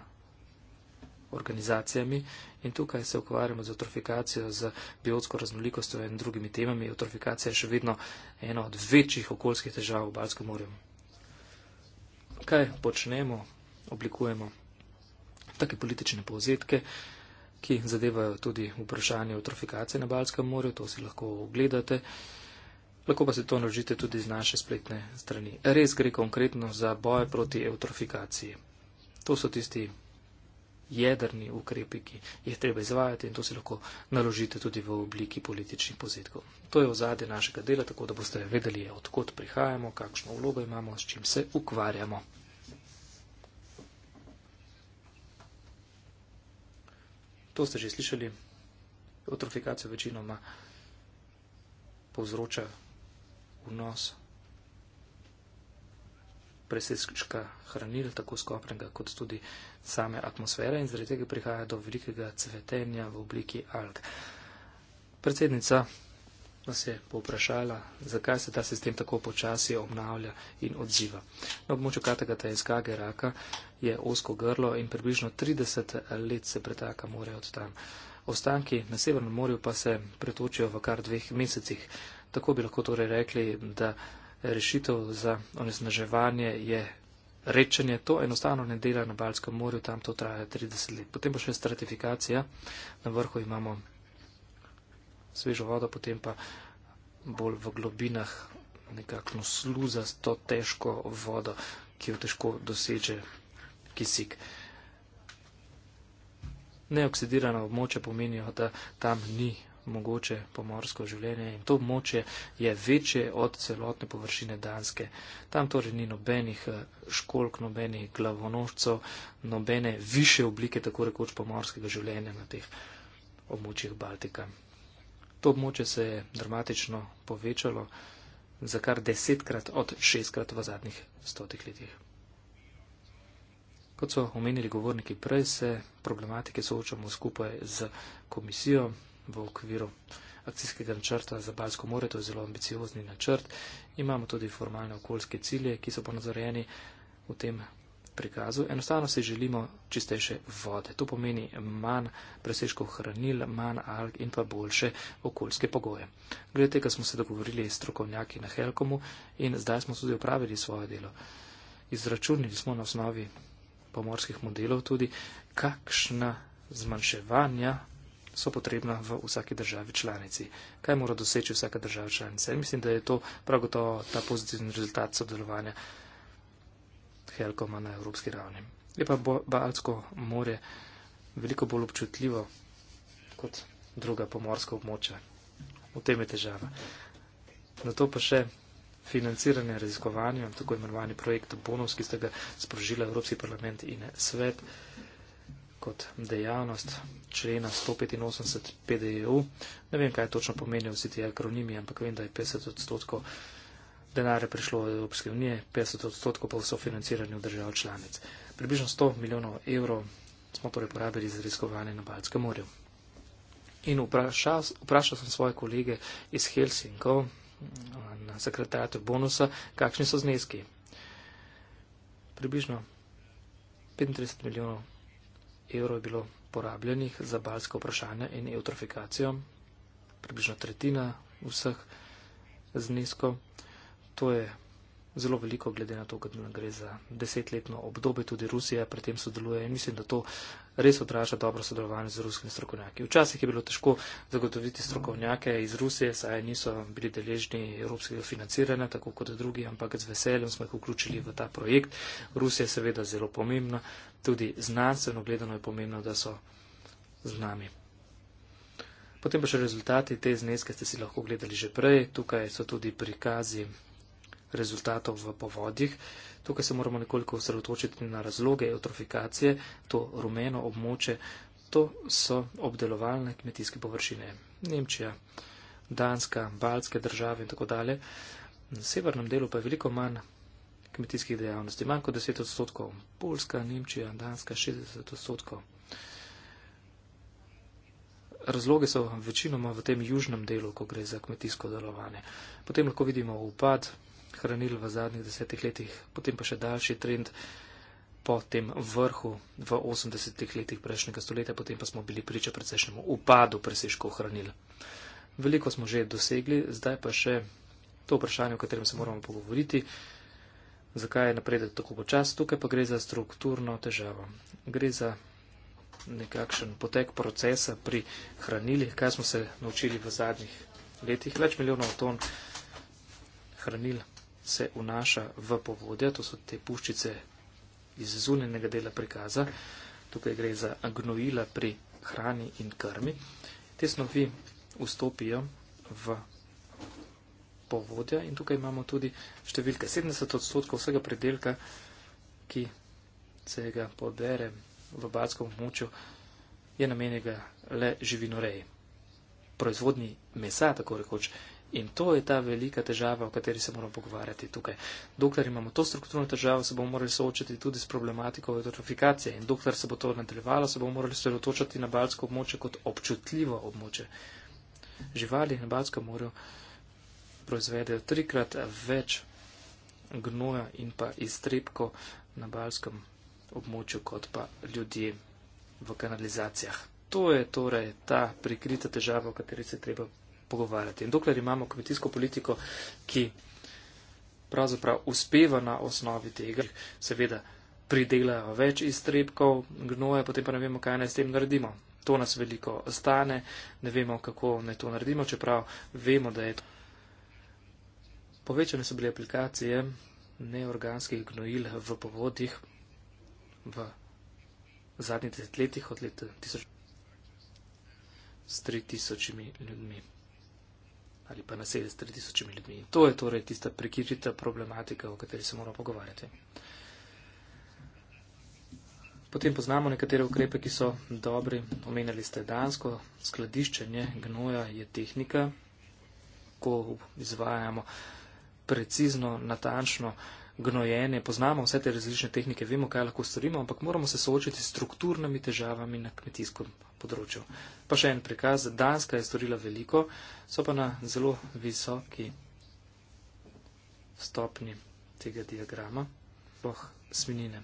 organizacijami in tukaj se ukvarjamo z eutrofikacijo, z biotsko raznolikostjo in drugimi temami. Eutrofikacija je še vedno ena od večjih okoljskih težav v Baltskem morju. Kaj počnemo? Oblikujemo take politične povzetke. Uh, ki zadevajo tudi vprašanje eutrofikacije na Balskem morju, to si lahko ogledate. Lahko pa se to naložite tudi z naše spletne strani. Res gre konkretno za boje proti eutrofikaciji. To so tisti jedrni ukrepi, ki jih treba izvajati in to si lahko naložite tudi v obliki političnih pozitkov. To je ozadje našega dela, tako da boste vedeli, odkot prihajamo, kakšno vlogo imamo, s čim se ukvarjamo. To ste že slišali, eutrofikacijo večinoma povzroča vnos presečka hranil, tako skopnega kot tudi same atmosfere in zaradi tega prihaja do velikega cvetenja v obliki alg. Predsednica nas je povprašala, zakaj se ta sistem tako počasi obnavlja in odziva. Na območju katega TSKG ta raka je osko grlo in približno 30 let se pretaka more od tam. Ostanki na Severnem morju pa se pretočijo v kar dveh mesecih. Tako bi lahko torej rekli, da rešitev za onesnaževanje je rečenje. To enostavno ne dela na Balskem morju, tam to traja 30 let. Potem pa še stratifikacija. Na vrhu imamo svežo vodo, potem pa bolj v globinah nekakšno sluza s to težko vodo, ki jo težko doseže kisik. Neoksidirana območja pomenijo, da tam ni mogoče pomorsko življenje in to območje je večje od celotne površine Danske. Tam torej ni nobenih eh, školk, nobenih glavonožcev, nobene više oblike tako rekoč pomorskega življenja na teh območjih Baltika. To območje se je dramatično povečalo za kar desetkrat od šestkrat v zadnjih stotih letih. Kot so omenili govorniki prej, se problematike soočamo skupaj z komisijo v okviru akcijskega načrta za Balsko more, to je zelo ambiciozni načrt. Imamo tudi formalne okoljske cilje, ki so ponazorjeni v tem prikazu, enostavno si želimo čistejše vode. To pomeni manj preseškov hranil, manj alg in pa boljše okoljske pogoje. Glede tega smo se dogovorili s strokovnjaki na Helkomu in zdaj smo tudi opravili svoje delo. Izračunili smo na osnovi pomorskih modelov tudi, kakšna zmanjševanja so potrebna v vsaki državi članici. Kaj mora doseči vsaka država članica? Mislim, da je to prav gotovo ta pozitivni rezultat sodelovanja. Helkoma na evropski ravni. Je pa Balsko more veliko bolj občutljivo kot druga pomorska območja. V tem je težava. Na to pa še financiranje raziskovanja, tako imenovani projekt Bonus, ki ste ga sprožila Evropski parlament in svet kot dejavnost člena 185 PDEU. E ne vem, kaj točno pomenijo vsi ti akronimi, ampak vem, da je 50 odstotkov denar je prišlo od Evropske unije, 50 odstotkov pa so financirani v držav članic. Približno 100 milijonov evrov smo torej porabili za raziskovanje na Balckem morju. In vprašal, vprašal sem svoje kolege iz Helsinkov eh, na sekretariatu bonusa, kakšni so zneski. Približno 35 milijonov evrov je bilo porabljenih za balske vprašanja in eutrofikacijo, približno tretjina vseh zneskov. To je zelo veliko, glede na to, da gre za desetletno obdobje, tudi Rusija pri tem sodeluje in mislim, da to res odraža dobro sodelovanje z ruskimi strokovnjaki. Včasih je bilo težko zagotoviti strokovnjake iz Rusije, saj niso bili deležni evropskega financiranja, tako kot drugi, ampak z veseljem smo jih vključili v ta projekt. Rusija je seveda zelo pomembna, tudi znanstveno gledano je pomembno, da so z nami. Potem pa še rezultati, te zneske ste si lahko gledali že prej, tukaj so tudi prikazi rezultatov v povodjih. Tukaj se moramo nekoliko osredotočiti na razloge eutrofikacije, to rumeno območje, to so obdelovalne kmetijske površine. Nemčija, Danska, Balske države in tako dalje. Na severnem delu pa je veliko manj kmetijskih dejavnosti, manj kot 10 odstotkov. Polska, Nemčija, Danska 60 odstotkov. Razloge so večinoma v tem južnem delu, ko gre za kmetijsko delovanje. Potem lahko vidimo upad hranil v zadnjih desetih letih, potem pa še daljši trend po tem vrhu v 80-ih letih prejšnjega stoletja, potem pa smo bili priča precejšnjemu upadu presežkov hranil. Veliko smo že dosegli, zdaj pa še to vprašanje, o katerem se moramo pogovoriti, zakaj je napredek tako počas, tukaj pa gre za strukturno težavo. Gre za nekakšen potek procesa pri hranilih, kaj smo se naučili v zadnjih letih, več milijonov ton hranil se unaša v povodja, to so te puščice iz zunjenega dela prikaza, tukaj gre za gnojila pri hrani in krmi. Te snovi vstopijo v povodja in tukaj imamo tudi številke 70 odstotkov vsega predelka, ki se ga podere v batskom območju, je namenjega le živinoreji. Proizvodni mesa, tako rekoč, In to je ta velika težava, o kateri se moramo pogovarjati tukaj. Dokler imamo to strukturno težavo, se bomo morali soočiti tudi s problematiko eutrofikacije. In dokler se bo to nadaljevalo, se bomo morali sredotočiti na balsko območje kot občutljivo območje. Živali na balskem morju proizvedejo trikrat več gnoja in pa iztrebko na balskem območju kot pa ljudje v kanalizacijah. To je torej ta prikrita težava, o kateri se treba pogovarjati. In dokler imamo kmetijsko politiko, ki pravzaprav uspeva na osnovi tega, seveda pridelajo več iztrebkov, gnoja, potem pa ne vemo, kaj naj s tem naredimo. To nas veliko stane, ne vemo, kako naj to naredimo, čeprav vemo, da je to. Povečane so bile aplikacije neorganskih gnojil v povodih v zadnjih desetletjih od leta 1000 s 3000 ljudmi ali pa naselje s 3000 ljudmi. To je torej tista prekirita problematika, o kateri se moramo pogovarjati. Potem poznamo nekatere ukrepe, ki so dobri. Omenjali ste dansko skladiščenje gnoja, je tehnika, ko izvajamo precizno, natančno uh, gnojene, poznamo vse te različne tehnike, vemo, kaj lahko storimo, ampak moramo se soočiti s strukturnimi težavami na kmetijskem področju. Pa še en prikaz, Danska je storila veliko, so pa na zelo visoki stopni tega diagrama, boh svinine.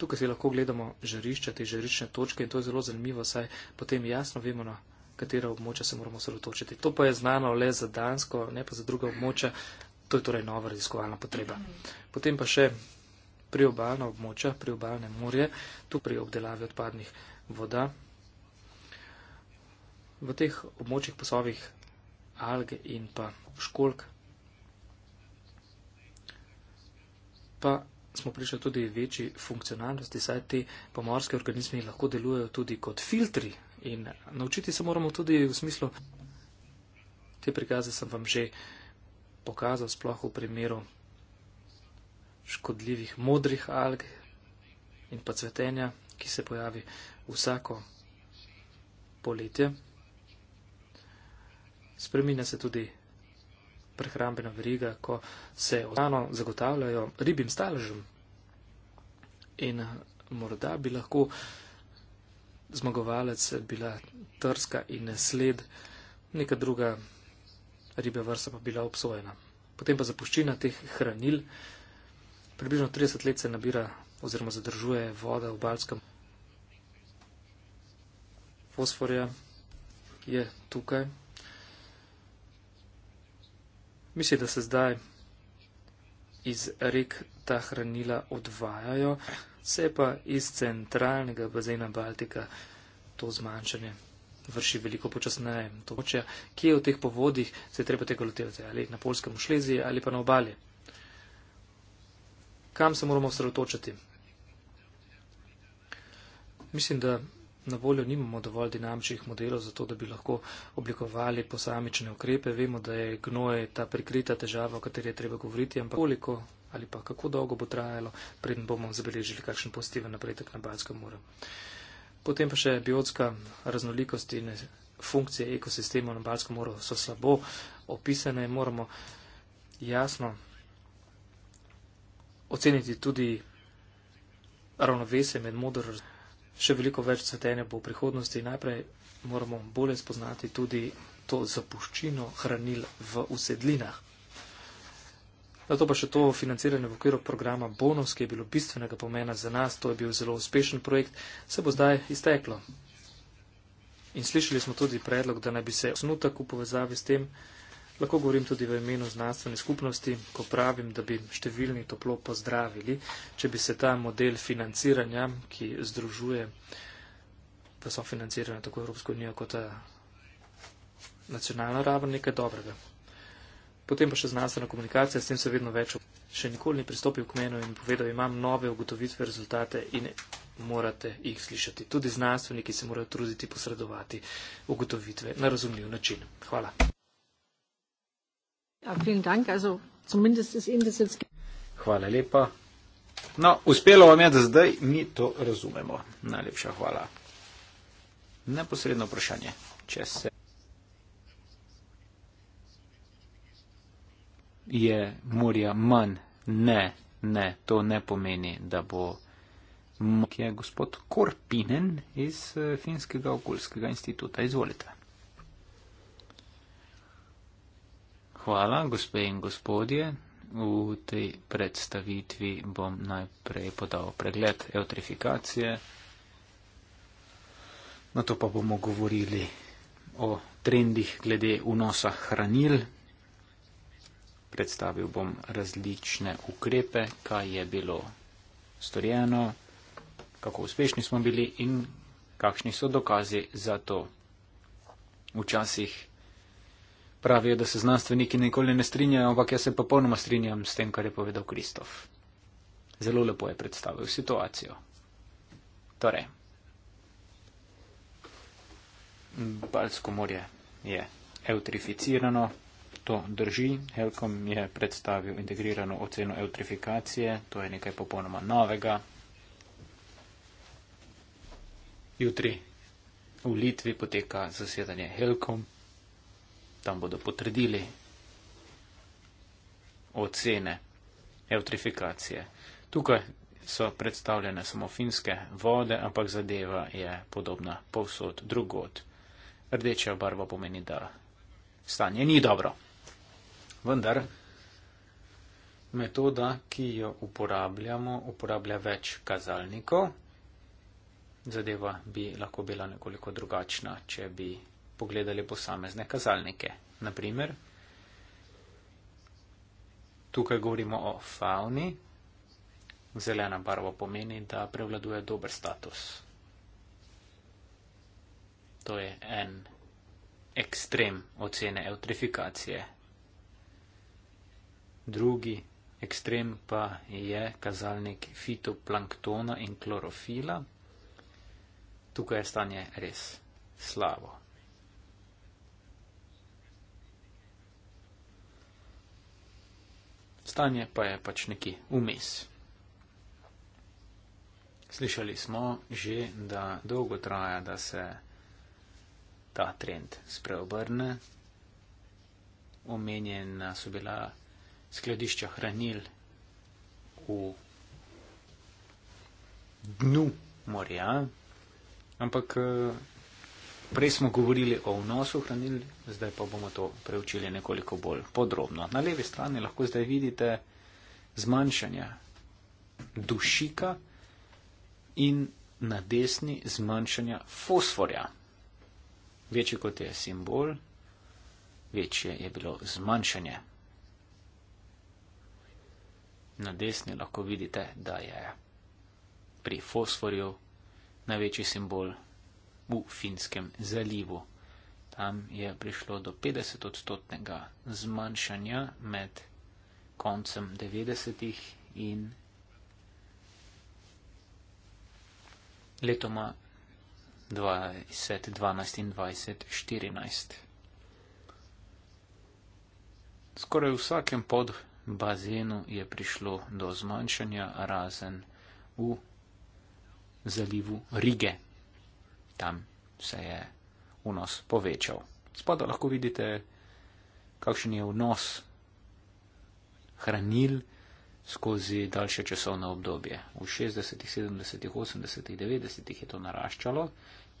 Tukaj si lahko gledamo žarišča, te žarišne točke in to je zelo zanimivo, saj potem jasno vemo, na no, katera območja se moramo sredotočiti. To pa je znano le za Dansko, ne pa za druga območja. To je torej nova raziskovalna potreba. Potem pa še priobalna območja, priobalne morje, tu pri obdelavi odpadnih voda. V teh območjih posovih alg in pa školk pa smo prišli tudi večji funkcionalnosti, saj ti pomorski organizmi lahko delujejo tudi kot filtri In naučiti se moramo tudi v smislu, te prikaze sem vam že pokazal, sploh v primeru škodljivih modrih alg in pa cvetenja, ki se pojavi vsako poletje. Spreminja se tudi prehrambena veriga, ko se ozano zagotavljajo ribim staležem. In morda bi lahko zmagovalec bila trska in sled, neka druga ribja vrsta pa bila obsojena. Potem pa zapuščina teh hranil, približno 30 let se nabira oziroma zadržuje voda v Balskem. Fosforja je tukaj. Mislim, da se zdaj iz rek ta hranila odvajajo se pa iz centralnega bazena Baltika to zmanjšanje vrši veliko počasneje. Toče, kje v teh povodih se je treba tega lotevati, ali na polskem šleziji ali pa na obali. Kam se moramo sredotočiti? Mislim, da na voljo nimamo dovolj dinamičnih modelov za to, da bi lahko oblikovali posamične ukrepe. Vemo, da je gnoje ta prikrita težava, o kateri je treba govoriti, ampak koliko ali pa kako dolgo bo trajalo, preden bomo zabeležili kakšen pozitiven napredek na Balskem morju. Potem pa še biotska raznolikost in funkcije ekosistemov na Balskem morju so slabo opisane in moramo jasno oceniti tudi ravnovesje med modr. Še veliko več cvetenja bo v prihodnosti. Najprej moramo bolje spoznati tudi to zapuščino hranil v usedlinah. Zato pa še to financiranje v okviru programa Bonus, ki je bilo bistvenega pomena za nas, to je bil zelo uspešen projekt, se bo zdaj izteklo. In slišali smo tudi predlog, da naj bi se osnutek v povezavi s tem, lahko govorim tudi v imenu znanstvene skupnosti, ko pravim, da bi številni toplo pozdravili, če bi se ta model financiranja, ki združuje, pa so financirane tako Evropsko unijo kot eh, nacionalna raven, nekaj dobrega. Potem pa še znanstvena komunikacija, s tem se vedno več. Še nikoli ni pristopil k menu in povedal, imam nove ugotovitve, rezultate in morate jih slišati. Tudi znanstveniki se morajo truditi posredovati ugotovitve na razumljiv način. Hvala. Ja, hvala lepa. No, uspelo vam je, da zdaj mi to razumemo. Najlepša hvala. Neposredno vprašanje. Če se. je morja manj. Ne, ne, to ne pomeni, da bo. Ki je gospod Korpinen iz eh, Finskega okoljskega instituta. Izvolite. Hvala, gospe in gospodje. V tej predstavitvi bom najprej podal pregled eutrifikacije, na to pa bomo govorili o trendih glede vnosa hranil, predstavil bom različne ukrepe, kaj je bilo storjeno, kako uspešni smo bili in kakšni so dokazi za to. Včasih pravijo, da se znanstveniki nikoli ne strinjajo, ampak jaz se popolnoma strinjam s tem, kar je povedal Kristof. Zelo lepo je predstavil situacijo. Torej, Balsko morje je eutrificirano to drži. Helkom je predstavil integrirano oceno eutrifikacije, to je nekaj popolnoma novega. Jutri v Litvi poteka zasedanje Helkom, tam bodo potrdili ocene eutrifikacije. Tukaj so predstavljene samo finske vode, ampak zadeva je podobna povsod drugod. Rdeča barva pomeni, da stanje ni dobro. Vendar metoda, ki jo uporabljamo, uporablja več kazalnikov. Zadeva bi lahko bila nekoliko drugačna, če bi pogledali posamezne kazalnike. Naprimer, tukaj govorimo o fauni. Zelena barva pomeni, da prevladuje dober status. To je en ekstrem ocene eutrifikacije drugi ekstrem pa je kazalnik fitoplanktona in klorofila. Tukaj je stanje res slabo. Stanje pa je pač neki umis. Slišali smo že, da dolgo traja, da se ta trend spreobrne. Omenjena so bila skladišča hranil v dnu morja. Ampak eh, prej smo govorili o vnosu hranil, zdaj pa bomo to preučili nekoliko bolj podrobno. Na levi strani lahko zdaj vidite zmanjšanje dušika in na desni zmanjšanje fosforja. Večji kot je simbol, večje je bilo zmanjšanje. Na desni lahko vidite, da je pri fosforju največji simbol v finskem zalivu. Tam je prišlo do 50 odstotnega zmanjšanja med koncem 90-ih in letoma 2012 in 2014. Skoraj v vsakem podhodu bazenu je prišlo do zmanjšanja, razen v zalivu Rige. Tam se je vnos povečal. Spodaj lahko vidite, kakšen je vnos hranil skozi daljše časovno obdobje. V 60-ih, 70-ih, 80-ih, 90-ih je to naraščalo,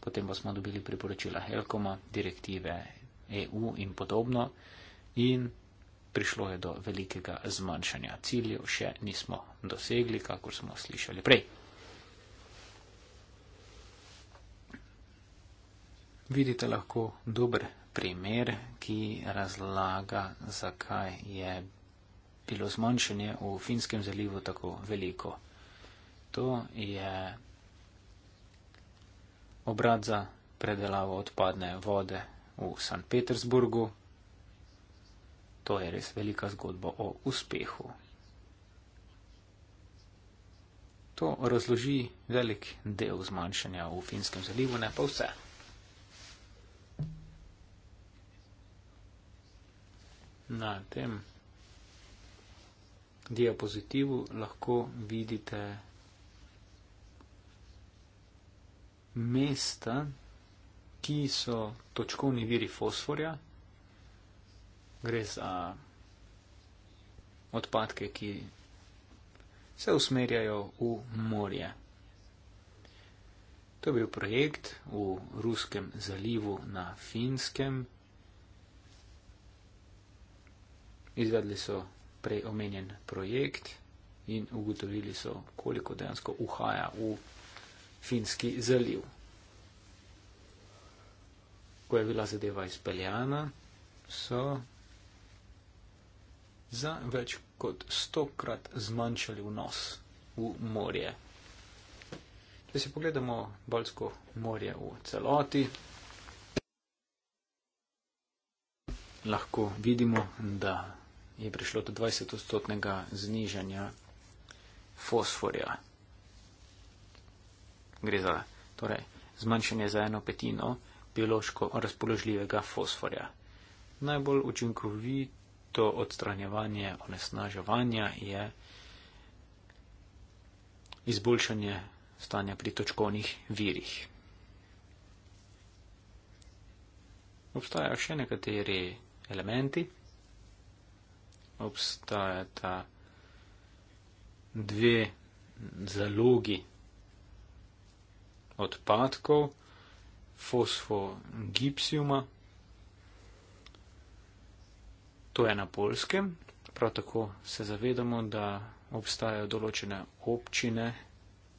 potem pa smo dobili priporočila Helkoma, direktive EU in podobno. In prišlo je do velikega zmanjšanja ciljev, še nismo dosegli, kakor smo slišali prej. Vidite lahko dober primer, ki razlaga, zakaj je bilo zmanjšanje v Finskem zalivu tako veliko. To je obrad za predelavo odpadne vode v St. Petersburgu, To je res velika zgodba o uspehu. To razloži velik del zmanjšanja v finskem zalivu, ne pa vse. Na tem diapozitivu lahko vidite mesta, ki so točkovni viri fosforja, gre za odpadke, ki se usmerjajo v morje. To je bil projekt v ruskem zalivu na finskem. Izvedli so prej omenjen projekt in ugotovili so, koliko dejansko uhaja v finski zaliv. Ko je bila zadeva izpeljana, so za več kot stokrat zmanjšali vnos v morje. Če si pogledamo Balsko morje v celoti, lahko vidimo, da je prišlo do 20-stotnega znižanja fosforja. Gre za torej, zmanjšanje za eno petino biološko razpoložljivega fosforja. Najbolj učinkovit to odstranjevanje onesnaževanja je izboljšanje stanja pri točkovnih virih. Obstajajo še nekateri elementi. Obstajata dve zalogi odpadkov fosfogipsijuma to je na polskem. Prav tako se zavedamo, da obstajajo določene občine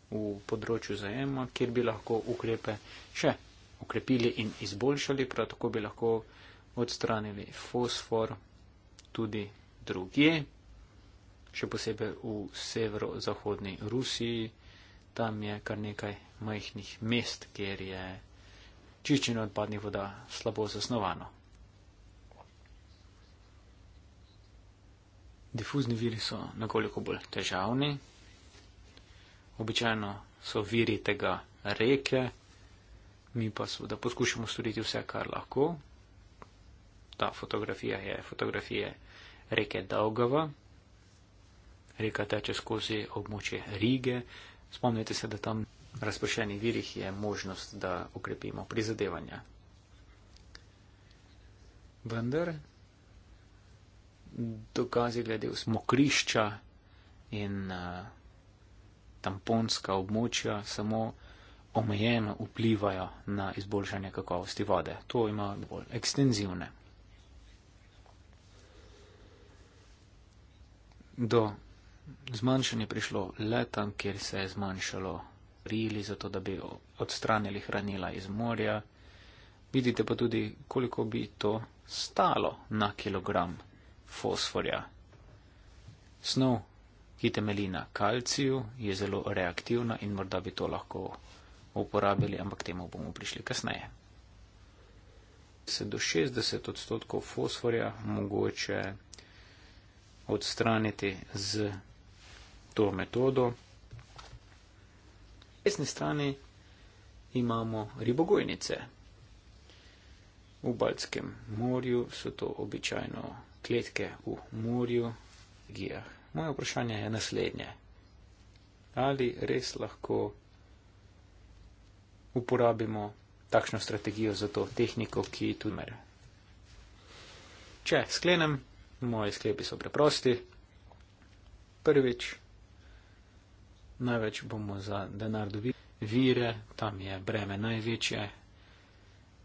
v področju zajema, kjer bi lahko ukrepe še ukrepili in izboljšali, prav tako bi lahko odstranili fosfor tudi drugje, še posebej v severozahodni Rusiji. Tam je kar nekaj majhnih mest, kjer je čiščenje odpadnih voda slabo zasnovano. Difuzni viri so nekoliko bolj težavni. Običajno so viri tega reke, mi pa seveda poskušamo storiti vse, kar lahko. Ta fotografija je fotografije reke Dolgava. Reka teče skozi območje Rige. Spomnite se, da tam v razpršenih virih je možnost, da ukrepimo prizadevanja. Vendar dokazi glede usmokrišča in uh, tamponska območja samo omejeno vplivajo na izboljšanje kakovosti vode. To ima bolj ekstenzivne. Do zmanjšanja prišlo le tam, kjer se je zmanjšalo prili, zato da bi odstranili hranila iz morja. Vidite pa tudi, koliko bi to stalo na kilogram fosforja. Snov, ki temelji na kalciju, je zelo reaktivna in morda bi to lahko uporabili, ampak temu bomo prišli kasneje. Se do 60 odstotkov fosforja mogoče odstraniti z to metodo. Na desni strani imamo ribogojnice. V Baltskem morju so to običajno kletke v morju gija. Moje vprašanje je naslednje. Ali res lahko uporabimo takšno strategijo za to tehniko, ki tu mere? Če sklenem, moji sklepi so preprosti. Prvič, največ bomo za denar dobili vire, tam je breme največje,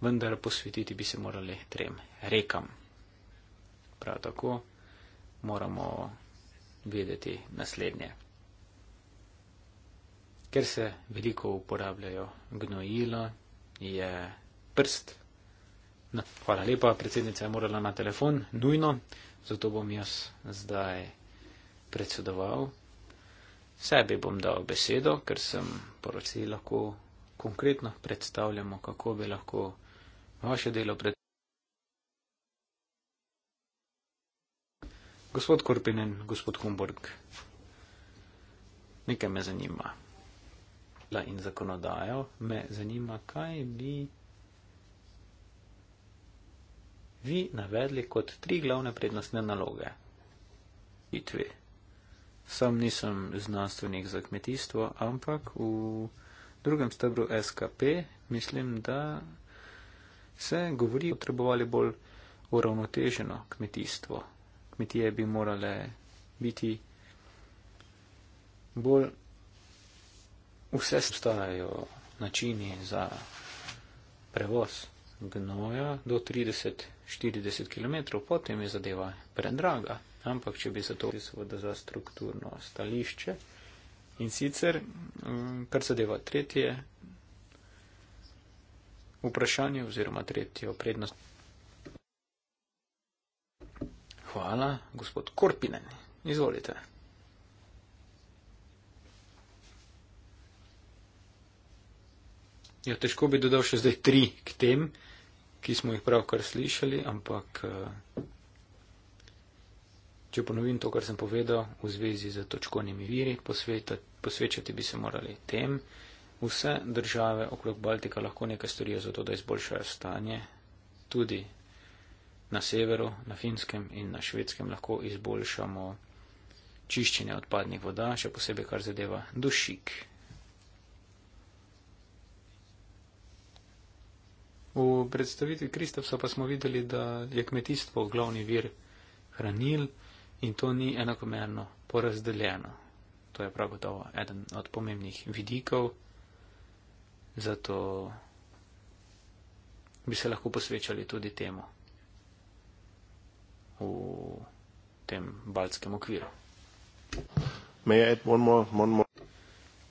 vendar posvetiti bi se morali trem rekam prav tako moramo vedeti naslednje. Ker se veliko uporabljajo gnojilo, je prst. No, hvala lepa, predsednica je morala na telefon, nujno, zato bom jaz zdaj predsedoval. Sebi bom dal besedo, ker sem poročil lahko konkretno predstavljamo, kako bi lahko vaše delo predstavljal. Gospod Korpinen, gospod Humburg, nekaj me zanima. La in zakonodajo me zanima, kaj bi vi navedli kot tri glavne prednostne naloge. Itvi. Sam nisem znanstvenik za kmetijstvo, ampak v drugem stebru SKP mislim, da se govori potrebovali bolj uravnoteženo kmetijstvo kmetije bi morale biti bolj vse stajajo načini za prevoz gnoja do 30-40 km, potem je zadeva predraga. Ampak če bi se to seveda za strukturno stališče in sicer, mm, kar zadeva tretje vprašanje oziroma tretjo prednost Hvala, gospod Korpinen. Izvolite. Ja, težko bi dodal še zdaj tri k tem, ki smo jih pravkar slišali, ampak eh, če ponovim to, kar sem povedal v zvezi z točkovnimi viri, posvetati, posvečati bi se morali tem. Vse države okrog Baltika lahko nekaj storijo za to, da izboljšajo stanje, tudi na severu, na finskem in na švedskem lahko izboljšamo čiščenje odpadnih voda, še posebej kar zadeva dušik. V predstavitvi Kristofsa pa smo videli, da je kmetijstvo glavni vir hranil in to ni enakomerno porazdeljeno. To je prav gotovo eden od pomembnih vidikov, zato bi se lahko posvečali tudi temu v tem balskem okviru. One more, one more.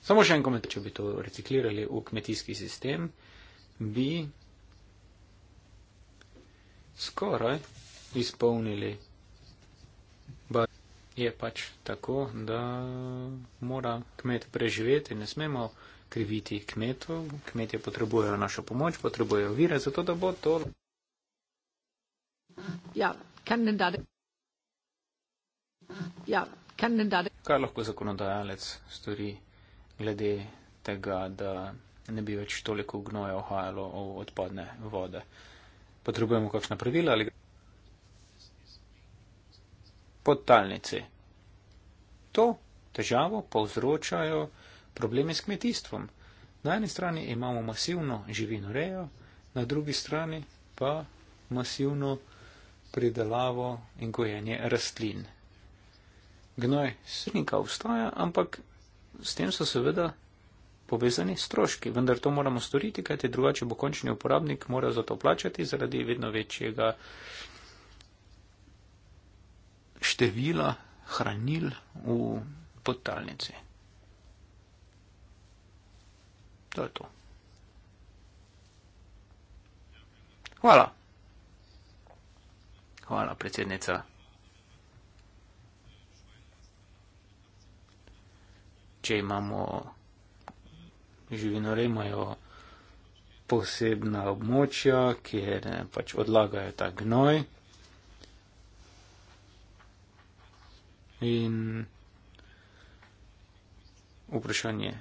Samo še en komentar, če bi to reciklirali v kmetijski sistem, bi skoraj izpolnili. Ba je pač tako, da mora kmet preživeti, ne smemo kriviti kmetov, kmetje potrebujejo našo pomoč, potrebujejo vire, zato da bo to. Ja, Ja, Kaj lahko zakonodajalec stori glede tega, da ne bi več toliko gnoja ohajalo v odpadne vode? Potrebujemo kakšna pravila ali podtalnice? To težavo povzročajo problemi s kmetijstvom. Na eni strani imamo masivno živinorejo, na drugi strani pa masivno živinorejo pridelavo in gojenje rastlin. Gnoj srnika ustaja, ampak s tem so seveda povezani stroški, vendar to moramo storiti, kajti drugače bo končni uporabnik moral za to plačati zaradi vedno večjega števila hranil v podtalnici. To je to. Hvala. Hvala, predsednica. Če imamo živinore, imajo posebna območja, kjer pač odlagajo ta gnoj. In vprašanje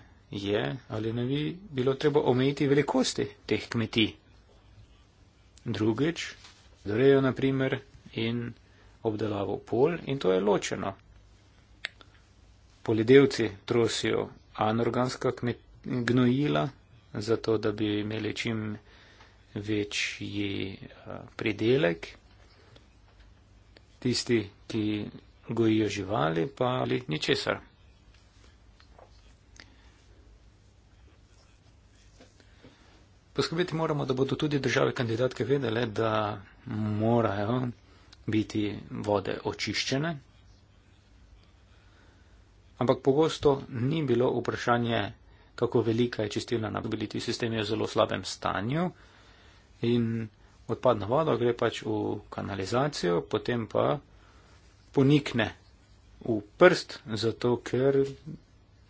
je, ali ne bi bilo treba omejiti velikosti teh kmetij. Drugič, zorejo naprimer in obdelavo pol in to je ločeno. Poljedevci trosijo anorganska gnojila, zato da bi imeli čim večji eh, pridelek. Tisti, ki gojijo živali, pa ali ničesar. Poskrbeti moramo, da bodo tudi države kandidatke vedele, da morajo biti vode očiščene. Ampak pogosto ni bilo vprašanje, kako velika je čistilna nabilitev. Ti sistemi je v zelo slabem stanju in odpadna voda gre pač v kanalizacijo, potem pa ponikne v prst, zato ker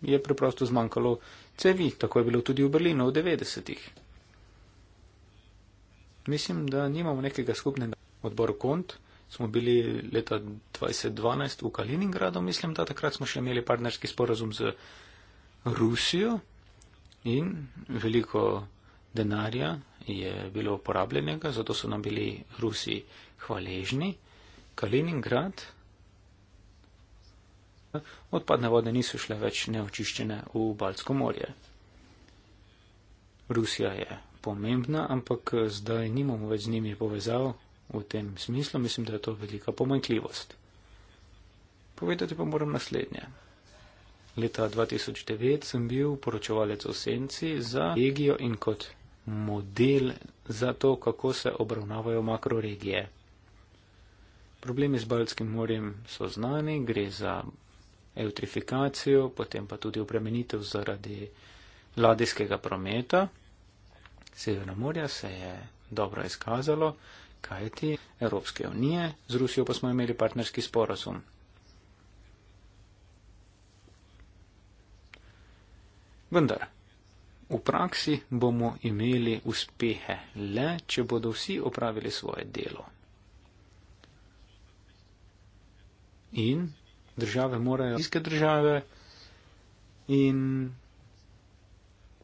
je preprosto zmanjkalo cevi. Tako je bilo tudi v Berlinu v 90-ih. Mislim, da nimamo nekega skupnega odbor kont smo bili leta 2012 v Kaliningradu, mislim, da takrat smo še imeli partnerski sporazum z Rusijo in veliko denarja je bilo uporabljenega, zato so nam bili Rusi hvaležni. Kaliningrad. Odpadne vode niso šle več neočiščene v Balsko morje. Rusija je pomembna, ampak eh, zdaj nimamo več z njimi povezav, v tem smislu mislim, da je to velika pomankljivost. Povedati pa moram naslednje. Leta 2009 sem bil poročevalec v Senci za regijo in kot model za to, kako se obravnavajo makroregije. Problemi z Baltskim morjem so znani, gre za eutrifikacijo, potem pa tudi obremenitev zaradi ladijskega prometa. Severna morja se je dobro izkazalo, kaj ti Evropske unije, z Rusijo pa smo imeli partnerski sporazum. Vendar, v praksi bomo imeli uspehe le, če bodo vsi opravili svoje delo. In države morajo, iske države in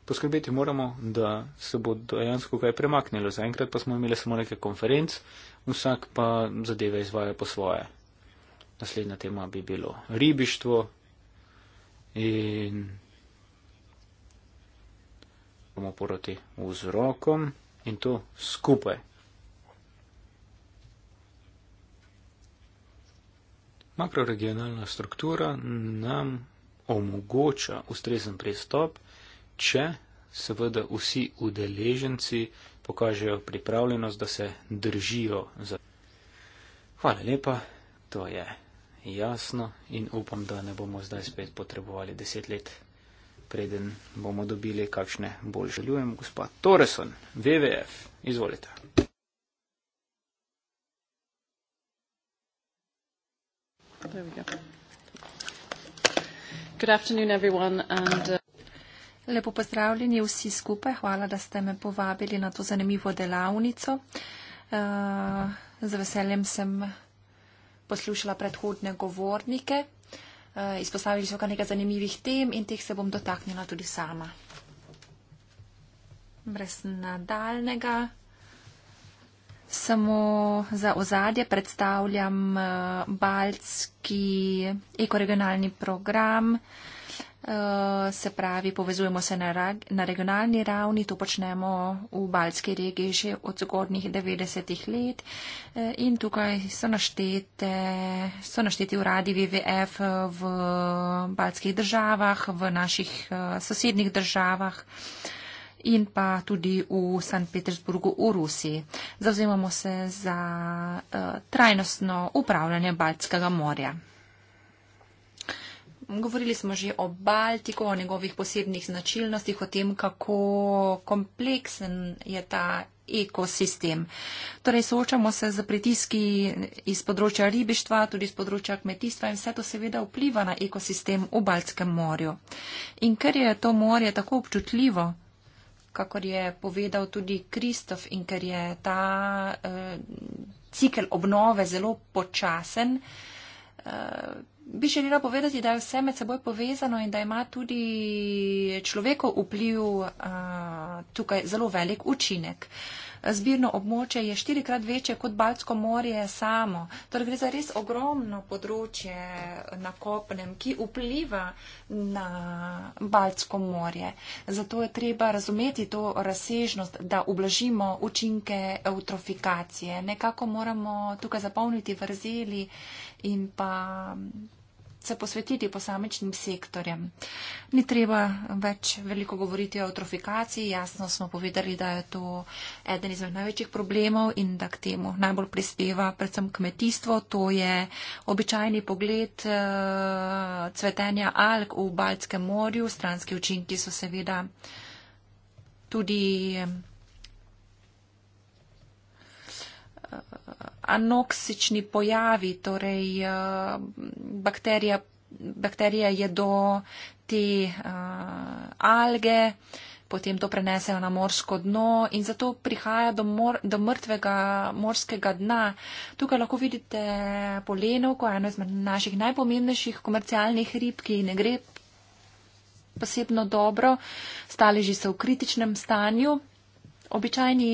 poskrbeti moramo, da se bo dejansko kaj premaknilo. Zaenkrat pa smo imeli samo nekaj konferenc, vsak pa zadeve izvaja po svoje. Naslednja tema bi bilo ribištvo in bomo poroti vzrokom in to skupaj. Makroregionalna struktura nam omogoča ustrezen pristop če seveda vsi udeleženci pokažejo pripravljenost, da se držijo za. Hvala lepa, to je jasno in upam, da ne bomo zdaj spet potrebovali deset let, preden bomo dobili kakšne bolj želujem, gospod Toreson, WWF, izvolite. Good afternoon, everyone. And, uh... Lepo pozdravljeni vsi skupaj, hvala, da ste me povabili na to zanimivo delavnico. Eh, z veseljem sem poslušala predhodne govornike, eh, izpostavili so ga nekaj zanimivih tem in teh se bom dotaknila tudi sama. Brez nadaljnega. Samo za ozadje predstavljam eh, Balski ekoregionalni program. Eh, se pravi, povezujemo se na, na regionalni ravni, to počnemo v Baljski regiji že od zgodnih 90-ih let eh, in tukaj so, naštete, so našteti uradi WWF v eh, Baljskih državah, v naših sosednjih državah in pa tudi v St. Petersburgu v Rusiji. Zavzemamo se za uh, trajnostno upravljanje Baltskega morja. Govorili smo že o Baltiku, o njegovih posebnih značilnostih, o tem, kako kompleksen je ta ekosistem. Torej, soočamo se z pritiski iz področja ribištva, tudi iz področja kmetijstva in vse to seveda vpliva na ekosistem v Baltskem morju. In ker je to morje tako občutljivo, kakor je povedal tudi Kristof in ker je ta eh, cikel obnove zelo počasen, eh, Bi želela povedati, da je vse med seboj povezano in da ima tudi človekov vpliv uh, tukaj zelo velik učinek. Zbirno območje je štirikrat večje kot Balsko morje samo. Torej gre za res ogromno področje na kopnem, ki vpliva na Balsko morje. Zato je treba razumeti to razsežnost, da ublažimo učinke eutrofikacije. Nekako moramo tukaj zapolniti vrzeli in pa se posvetiti posamečnim sektorjem. Ni treba več veliko govoriti o eutrofikaciji, jasno smo povedali, da je to eden izmed največjih problemov in da k temu najbolj prispeva predvsem kmetijstvo, to je običajni pogled uh, cvetenja alg v Baltskem morju, stranski učinki so seveda tudi. Uh, anoksični pojavi, torej eh, bakterija, bakterija je do te eh, alge, potem to prenesejo na morsko dno in zato prihaja do, mor, do mrtvega morskega dna. Tukaj lahko vidite polenovko, eno izmed naših najpomembnejših komercialnih rib, ki ne gre posebno dobro, staleži so v kritičnem stanju. Običajni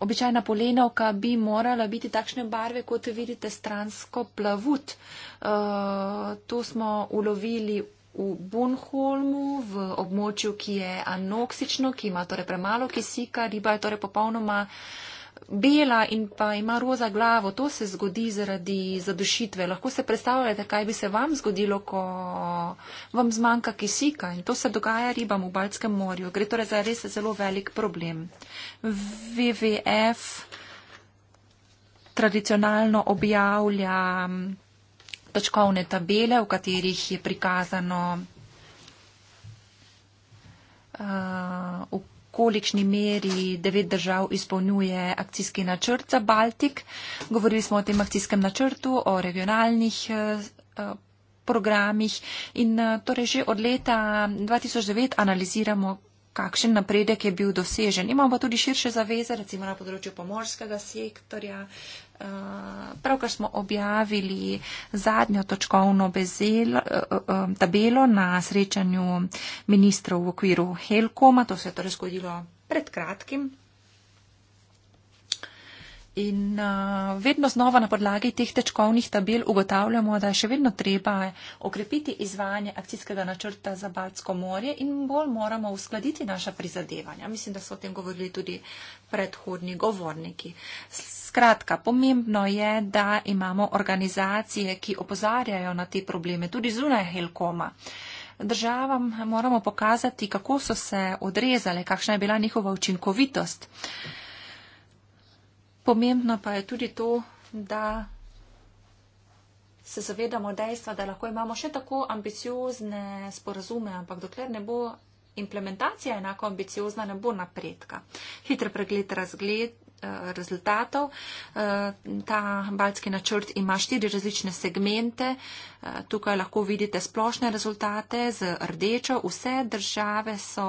Običajna polenovka bi morala biti takšne barve, kot vidite, stransko plavut. Eh, to smo ulovili v Bunholmu, v območju, ki je anoksično, ki ima torej premalo kisika, riba je torej popolnoma bela in pa ima roza glavo, to se zgodi zaradi zadušitve. Lahko se predstavljate, kaj bi se vam zgodilo, ko vam zmanjka kisika in to se dogaja ribam v Balckem morju. Gre torej za res zelo velik problem. WWF tradicionalno objavlja točkovne tabele, v katerih je prikazano uh, kolikšni meri devet držav izpolnjuje akcijski načrt za Baltik. Govorili smo o tem akcijskem načrtu, o regionalnih eh, eh, programih in eh, torej že od leta 2009 analiziramo, kakšen napredek je bil dosežen. Imamo pa tudi širše zaveze, recimo na področju pomorskega sektorja, Pravkar smo objavili zadnjo točkovno bezelo, eh, eh, eh, tabelo na srečanju ministrov v okviru Helkoma. To se je torej zgodilo pred kratkim. In vedno znova na podlagi teh tečkovnih tabel ugotavljamo, da je še vedno treba okrepiti izvajanje akcijskega načrta za Baltsko morje in bolj moramo uskladiti naša prizadevanja. Mislim, da so o tem govorili tudi predhodni govorniki. Skratka, pomembno je, da imamo organizacije, ki opozarjajo na te probleme, tudi zunaj Helkoma. Državam moramo pokazati, kako so se odrezale, kakšna je bila njihova učinkovitost. Pomembno pa je tudi to, da se zavedamo dejstva, da lahko imamo še tako ambiciozne sporazume, ampak dokler ne bo implementacija enako ambiciozna, ne bo napredka. Hitr pregled razgled, Eh, rezultatov. Eh, ta baltski načrt ima štiri različne segmente. Eh, tukaj lahko vidite splošne rezultate z rdečo. Vse države so.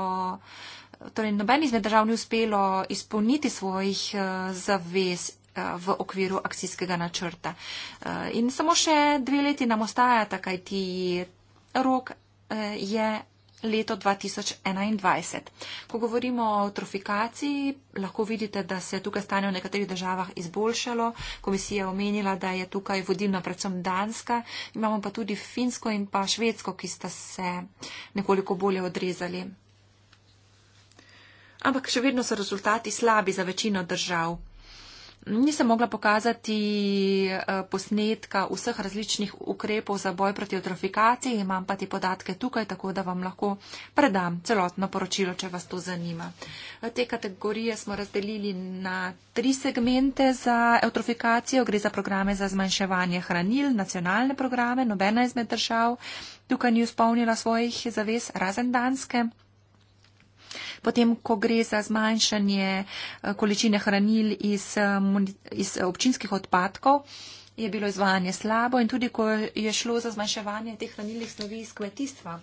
Torej, noben izmed držav ni uspelo izpolniti svojih uh, zavez uh, v okviru akcijskega načrta. Uh, in samo še dve leti nam ostajata, kajti rok uh, je leto 2021. Ko govorimo o trofikaciji, lahko vidite, da se je tukaj stanje v nekaterih državah izboljšalo. Komisija je omenila, da je tukaj vodilna predvsem Danska, imamo pa tudi Finsko in pa Švedsko, ki sta se nekoliko bolje odrezali. Ampak še vedno so rezultati slabi za večino držav nisem mogla pokazati eh, posnetka vseh različnih ukrepov za boj proti otrofikaciji, imam pa te podatke tukaj, tako da vam lahko predam celotno poročilo, če vas to zanima. Eh, te kategorije smo razdelili na tri segmente za eutrofikacijo. Gre za programe za zmanjševanje hranil, nacionalne programe, nobena izmed držav. Tukaj ni izpolnila svojih zavez, razen danske potem ko gre za zmanjšanje eh, količine hranil iz, eh, iz eh, občinskih odpadkov, je bilo izvajanje slabo in tudi ko je šlo za zmanjševanje teh hranilnih snovi iz kmetijstva.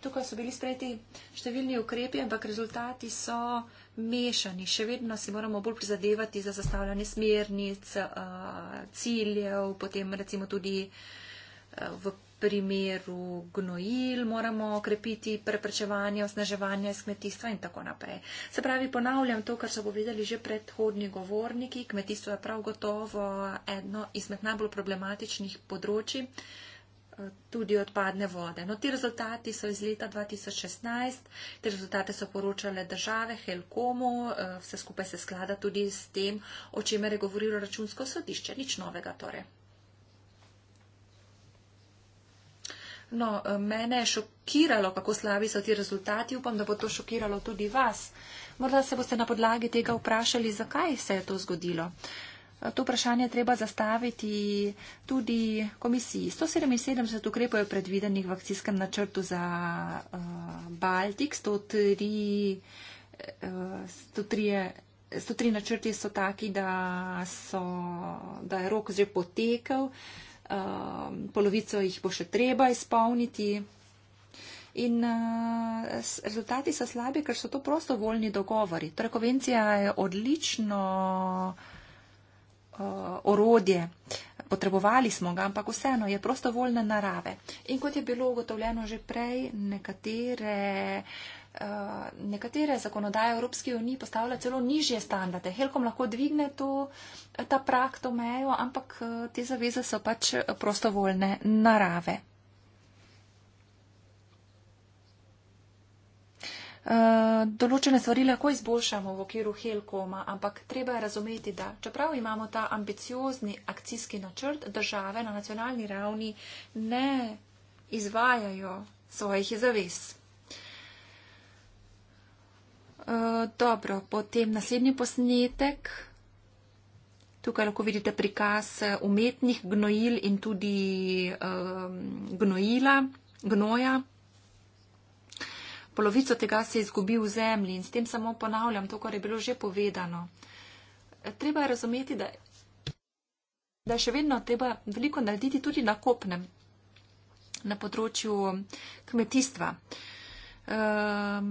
Tukaj so bili sprejeti številni ukrepi, ampak rezultati so mešani. Še vedno si moramo bolj prizadevati za zastavljanje smernic, ciljev, potem recimo tudi v primeru gnojil moramo okrepiti preprečevanje, osnaževanje kmetijstva in tako naprej. Se pravi, ponavljam to, kar so povedali že predhodni govorniki, kmetijstvo je prav gotovo eno izmed najbolj problematičnih področji, eh, tudi odpadne vode. No, ti rezultati so iz leta 2016, te rezultate so poročale države, Helkomu, eh, vse skupaj se sklada tudi s tem, o čemer je govorilo računsko sodišče, nič novega torej. No, eh, mene je šokiralo, kako slabi so ti rezultati. Upam, da bo to šokiralo tudi vas. Morda se boste na podlagi tega vprašali, zakaj se je to zgodilo. Eh, to vprašanje treba zastaviti tudi komisiji. 177 ukrepov je predvidenih v akcijskem načrtu za uh, Baltik, 103, uh, 103, 103 načrti so taki, da, so, da je rok že potekel. Uh, um, polovico jih bo še treba izpolniti. In uh, rezultati so slabi, ker so to prostovoljni dogovori. Torej, konvencija je odlično uh, orodje, potrebovali smo ga, ampak vseeno je prostovoljne narave. In kot je bilo ugotovljeno že prej, nekatere uh, Eh, nekatere zakonodaje Evropske unije postavlja celo nižje standarde. Helkom lahko dvigne to, ta prak, to mejo, ampak eh, te zaveze so pač eh, prostovoljne narave. Določene stvari lahko izboljšamo v okviru Helkoma, ampak treba je razumeti, da čeprav imamo ta ambiciozni akcijski načrt, države na nacionalni ravni ne izvajajo svojih zavez. Eh, dobro, potem naslednji posnetek. Tukaj lahko vidite prikaz eh, umetnih gnojil in tudi uh, gnojila, gnoja. Polovico tega se je izgubil v zemlji in s tem samo ponavljam to, kar je bilo že povedano. Eh, treba je razumeti, da, da je še vedno treba veliko narediti tudi na kopnem, na področju kmetijstva. Uh, Um,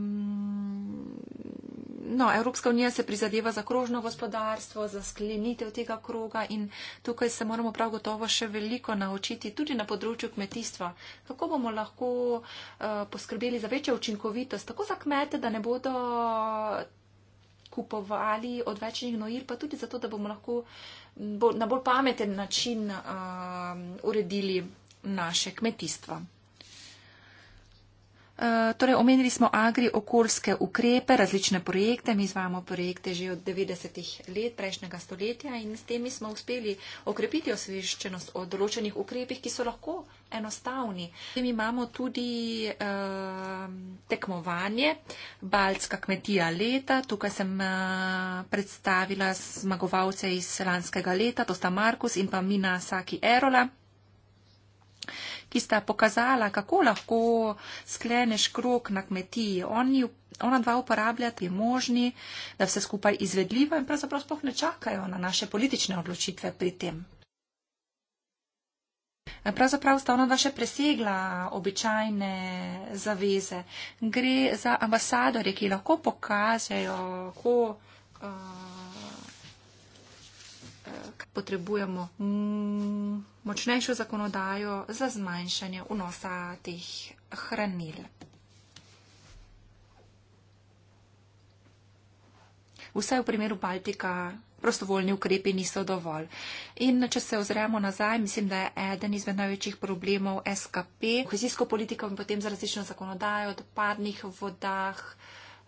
no, Evropska unija se prizadeva za krožno gospodarstvo, za sklenitev tega kroga in tukaj se moramo prav gotovo še veliko naučiti tudi na področju kmetijstva. Kako bomo lahko uh, poskrbeli za večjo učinkovitost, tako za kmete, da ne bodo kupovali odvečnih noir, pa tudi zato, da bomo lahko bolj, na bolj pameten način uh, uredili naše kmetijstvo. Eh, torej, omenili smo agri-okoljske ukrepe, različne projekte. Mi izvajamo projekte že od 90-ih let prejšnjega stoletja in s temi smo uspeli okrepiti osveščenost o določenih ukrepih, ki so lahko enostavni. Mi imamo tudi eh, tekmovanje Balska kmetija leta. Tukaj sem eh, predstavila zmagovalce iz lanskega leta, to sta Markus in pa Mina Saki Erola ki sta pokazala, kako lahko skleneš krok na kmetiji. Oni, ona dva uporabljata je možni, da vse skupaj izvedljivo in pravzaprav sploh ne čakajo na naše politične odločitve pri tem. Pravzaprav sta ona dva še presegla običajne zaveze. Gre za ambasadorje, ki lahko pokažejo, kako uh, ker eh, potrebujemo mm, močnejšo zakonodajo za zmanjšanje vnosa teh hranil. Vse v primeru Baltika prostovoljni ukrepi niso dovolj. In če se ozremo nazaj, mislim, da je eden izmed največjih problemov SKP, kohezijsko politiko in potem za različno zakonodajo, odpadnih vodah,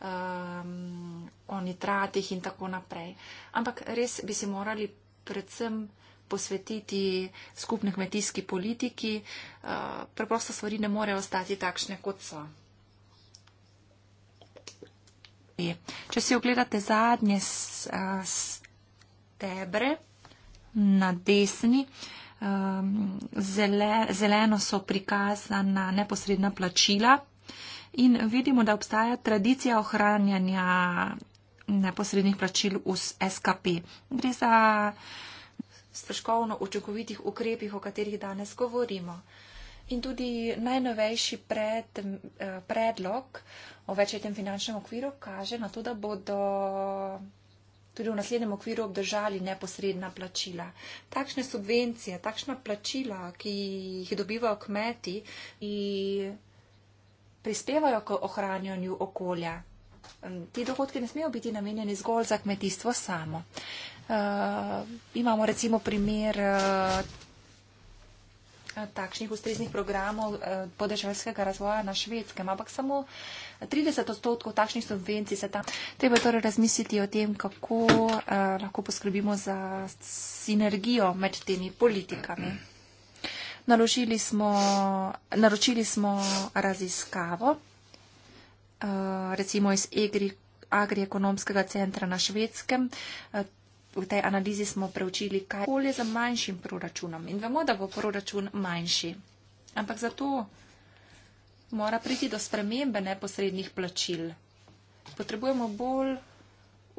um, o nitratih in tako naprej. Ampak res bi si morali predvsem posvetiti skupni kmetijski politiki. Eh, preprosto stvari ne morejo ostati takšne, kot so. Če si ogledate zadnje eh, stebre na desni, ehm, zeleno so prikazana neposredna plačila. In vidimo, da obstaja tradicija ohranjanja neposrednih plačil v SKP. Gre za stroškovno učinkovitih ukrepih, o katerih danes govorimo. In tudi najnovejši pred, eh, predlog o večjem finančnem okviru kaže na to, da bodo tudi v naslednjem okviru obdržali neposredna plačila. Takšne subvencije, takšna plačila, ki jih dobivajo kmeti in prispevajo k ohranjanju okolja, Eh, ti dogodki ne smejo biti namenjeni zgolj za kmetijstvo samo. Uh, imamo recimo primer uh, takšnih ustreznih programov uh, podeželskega razvoja na švedskem, ampak samo 30 odstotkov takšnih subvencij se tam. Treba je torej razmisliti o tem, kako uh, lahko poskrbimo za sinergijo med temi politikami. Naročili smo, naročili smo raziskavo. Eh, recimo iz agriekonomskega centra na švedskem. Eh, v tej analizi smo preučili, kaj je za manjšim proračunom in vemo, da bo proračun manjši. Ampak zato mora priti do spremembe neposrednih plačil. Potrebujemo bolj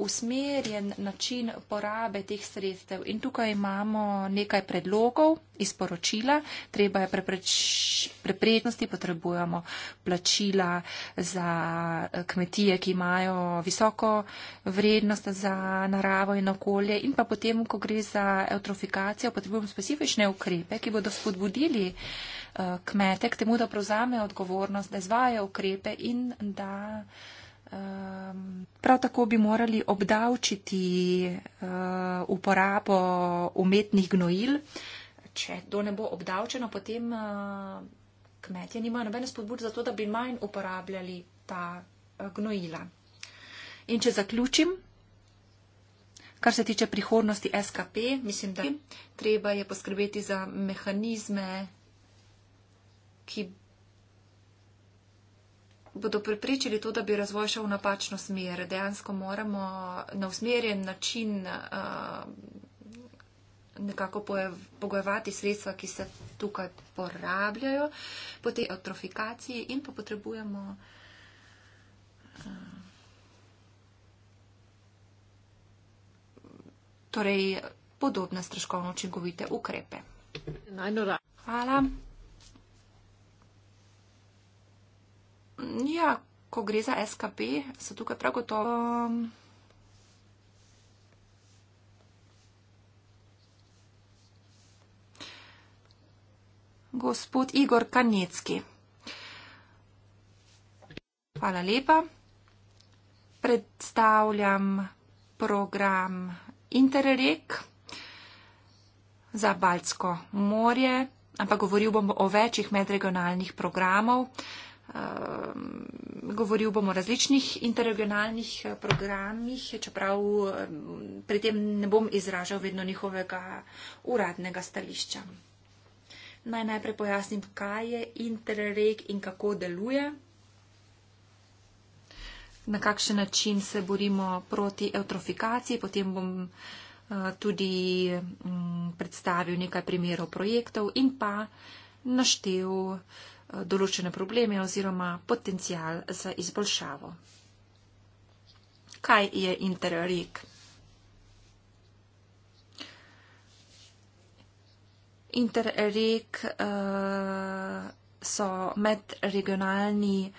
usmerjen način porabe teh sredstev. In tukaj imamo nekaj predlogov iz poročila. Treba je preprečnosti, potrebujemo plačila za eh, kmetije, ki imajo visoko vrednost za naravo in okolje. In pa potem, ko gre za eutrofikacijo, potrebujemo specifične ukrepe, ki bodo spodbudili eh, kmete k temu, da prevzame odgovornost, da izvaja ukrepe in da. Um, prav tako bi morali obdavčiti uh, uporabo umetnih gnojil. Če to ne bo obdavčeno, potem uh, kmetje nimajo nobene spodbude za to, da bi manj uporabljali ta uh, gnojila. In če zaključim, kar se tiče prihodnosti SKP, mislim, da treba je poskrbeti za mehanizme, ki bodo preprečili to, da bi razvoj šel v napačno smer. Dejansko moramo na usmerjen način eh, nekako pogojevati sredstva, ki se tukaj porabljajo po tej eutrofikaciji in pa potrebujemo. Eh, torej, podobne stroškovno učinkovite ukrepe. Hvala. podjetja, ko gre za SKP, so tukaj prav gotovo. Um, gospod Igor Kanecki. Hvala lepa. Predstavljam program Interreg za Baltsko morje, ampak govoril bom o večjih medregionalnih programov. Ehm, govoril bomo o različnih interregionalnih eh, programih, čeprav ehm, pri tem ne bom izražal vedno njihovega uradnega stališča. Naj najprej pojasnim, kaj je interreg in kako deluje, na kakšen način se borimo proti eutrofikaciji, potem bom eh, tudi mm, predstavil nekaj primerov projektov in pa naštel uh, Eh, določene probleme oziroma potencial za izboljšavo. Kaj je Interreg? Interreg uh, so medregionalni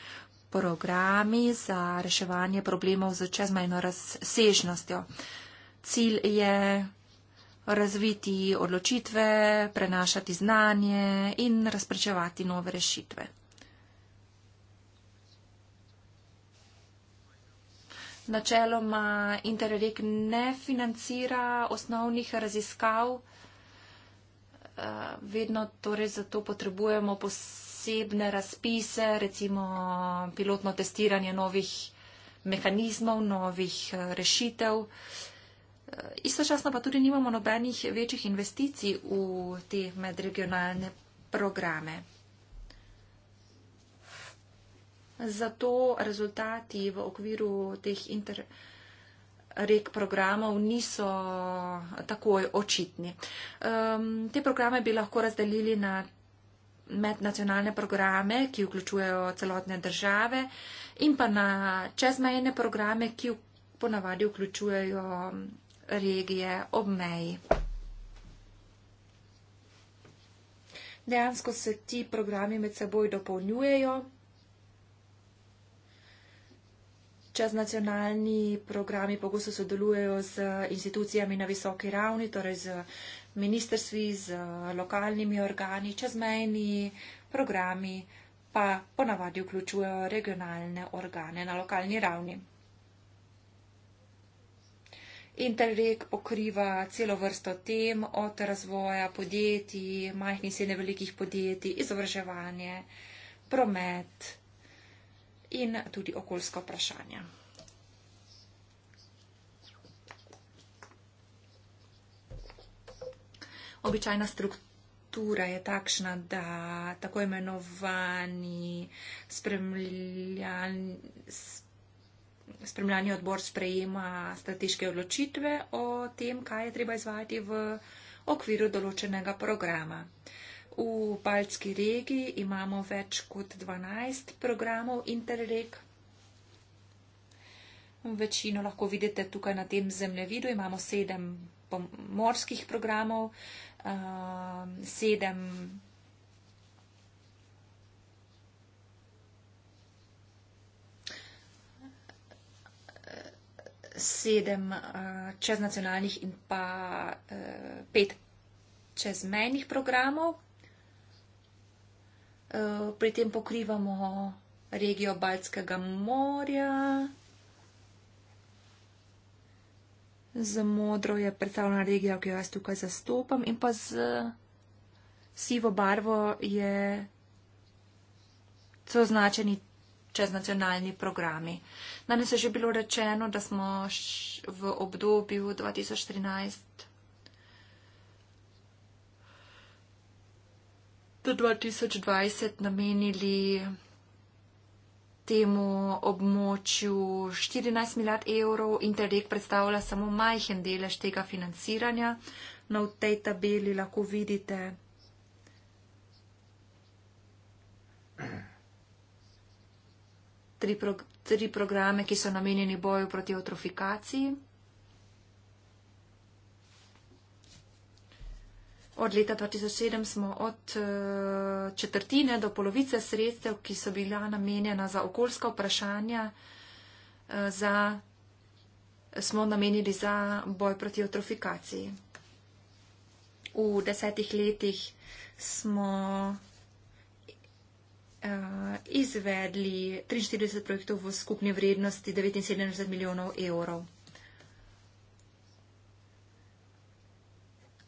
programi za reševanje problemov z čezmejno razsežnostjo. Cilj je razviti odločitve, prenašati znanje in razprečevati nove rešitve. Načeloma Interreg ne financira osnovnih raziskav, eh, vedno torej zato potrebujemo posebne razpise, recimo pilotno testiranje novih mehanizmov, novih eh, rešitev. Eh, istočasno pa tudi nimamo nobenih večjih investicij v te medregionalne programe. Zato rezultati v okviru teh interreg programov niso takoj očitni. Um, te programe bi lahko razdelili na mednacionalne programe, ki vključujejo celotne države in pa na čezmejne programe, ki ponavadi vključujejo regije ob meji. Dejansko se ti programi med seboj dopolnjujejo. Čez nacionalni programi pogosto sodelujejo z institucijami na visoki ravni, torej z ministrstvi, z eh, lokalnimi organi, čezmejni programi pa ponavadi vključujejo regionalne organe na lokalni ravni. Interreg pokriva celo vrsto tem, od razvoja podjetij, majhnih in srednje velikih podjetij, izobraževanje, promet in tudi okoljsko vprašanje. Običajna struktura je takšna, da tako imenovani spremljani. spremljani spremljanje odbor sprejema strateške odločitve o tem, kaj je treba izvajati v okviru določenega programa. V Baltski regiji imamo več kot 12 programov Interreg. Večino lahko vidite tukaj na tem zemljevidu. Imamo sedem morskih programov, eh, sedem sedem uh, čeznacionalnih in pa uh, pet čezmejnih programov. Uh, pri tem pokrivamo regijo Baltskega morja. Z modro je predstavljena regija, ki jo jaz tukaj zastopam, in pa z sivo barvo je, so označeni čez nacionalni programi. Danes je že bilo rečeno, da smo v obdobju 2013 do 2020 namenili temu območju 14 milijard evrov. Interreg predstavlja samo majhen delež tega financiranja. No, v tej tabeli lahko vidite tri, pro, tri programe, ki so namenjeni boju proti otrofikaciji. Od leta 2007 smo od eh, četrtine do polovice sredstev, ki so bila namenjena za okoljska vprašanja, eh, za, smo namenili za boj proti otrofikaciji. V desetih letih smo Eh, izvedli 43 projektov v skupni vrednosti 79 milijonov evrov.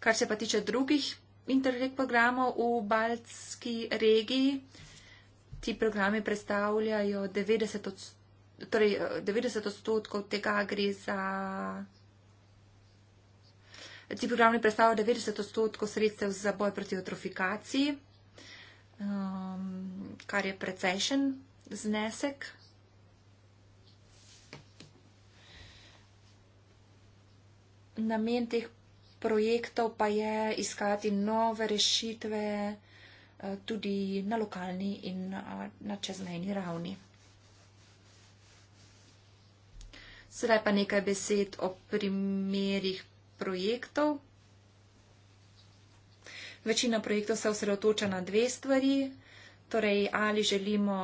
Kar se pa tiče drugih interreg programov v Baltski regiji, ti programi predstavljajo 90, odst torej 90 eh, odstotkov tega gre za. Ti programi predstavljajo 90 odstotkov sredstev za boj proti otrofikaciji um, kar je precejšen znesek. Namen teh projektov pa je iskati nove rešitve eh, tudi na lokalni in eh, na čezmejni ravni. Sedaj pa nekaj besed o primerih projektov. Večina projektov se osredotoča na dve stvari. Torej, ali želimo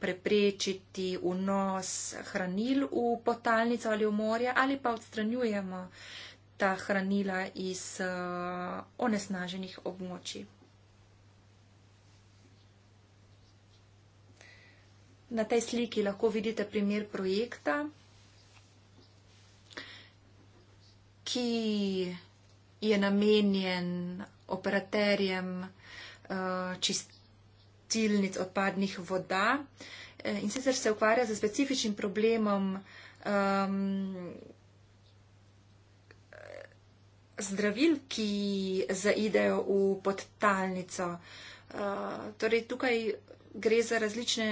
preprečiti vnos hranil v potalnico ali v morje, ali pa odstranjujemo ta hranila iz uh, onesnaženih območij. Na tej sliki lahko vidite primer projekta, ki je namenjen operaterjem eh, čistilnic odpadnih voda eh, in sicer se ukvarja z specifičnim problemom zdravil, ki zaidejo v podtalnico. Eh, torej, tukaj gre za različne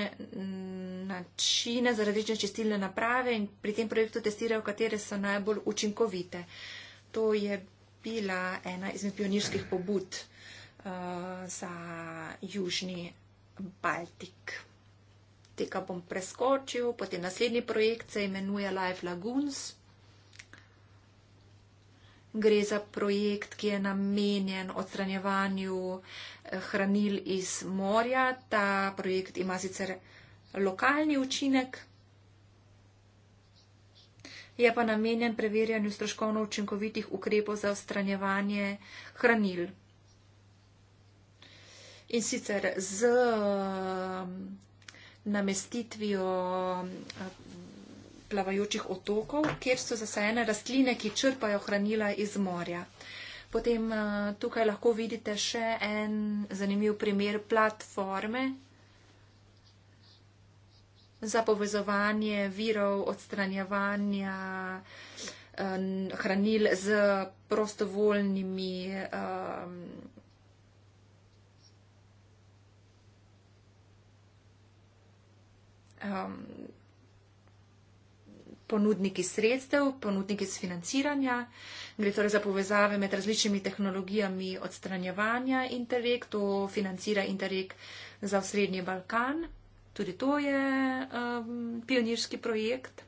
načine, za različne čistilne naprave in pri tem projektu testirajo, katere so najbolj učinkovite. To je bila ena izmed pionirskih pobud uh, za Južni Baltik. Tega bom preskočil, potem naslednji projekt se imenuje Life Lagoons. Gre za projekt, ki je namenjen odstranjevanju eh, hranil iz morja. Ta projekt ima sicer lokalni učinek, je pa namenjen preverjanju stroškovno učinkovitih ukrepov za ostranjevanje hranil. In sicer z um, namestitvijo um, plavajočih otokov, kjer so zasajene rastline, ki črpajo hranila iz morja. Potem uh, tukaj lahko vidite še en zanimiv primer platforme, za povezovanje virov, odstranjevanja hranil z prostovoljnimi um, um, ponudniki sredstev, ponudniki z financiranja. Gre torej za povezave med različnimi tehnologijami odstranjevanja Interreg, to financira Interreg za Srednji Balkan. Tudi to je um, pionirski projekt.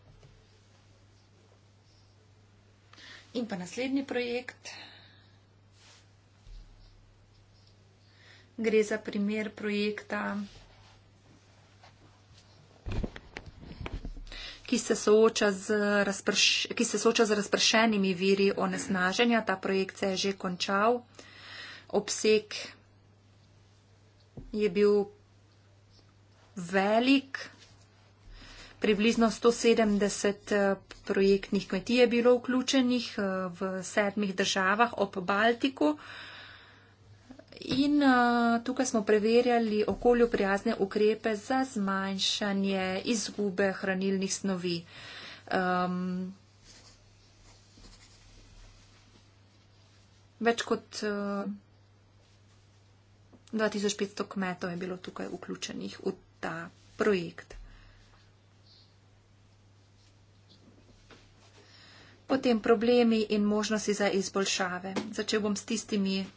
In pa naslednji projekt. Gre za primer projekta, ki se sooča z, razprš, ki se sooča z razpršenimi viri onesnaženja. Ta projekt se je že končal. Obseg je bil velik, približno 170 eh, projektnih kmetij je bilo vključenih eh, v sedmih državah ob Baltiku. In uh, tukaj smo preverjali okolju prijazne ukrepe za zmanjšanje izgube hranilnih snovi. Um, več kot uh, 2500 kmetov je bilo tukaj vključenih v ta projekt. Potem problemi in možnosti za izboljšave. Začel bom s tistimi, eh,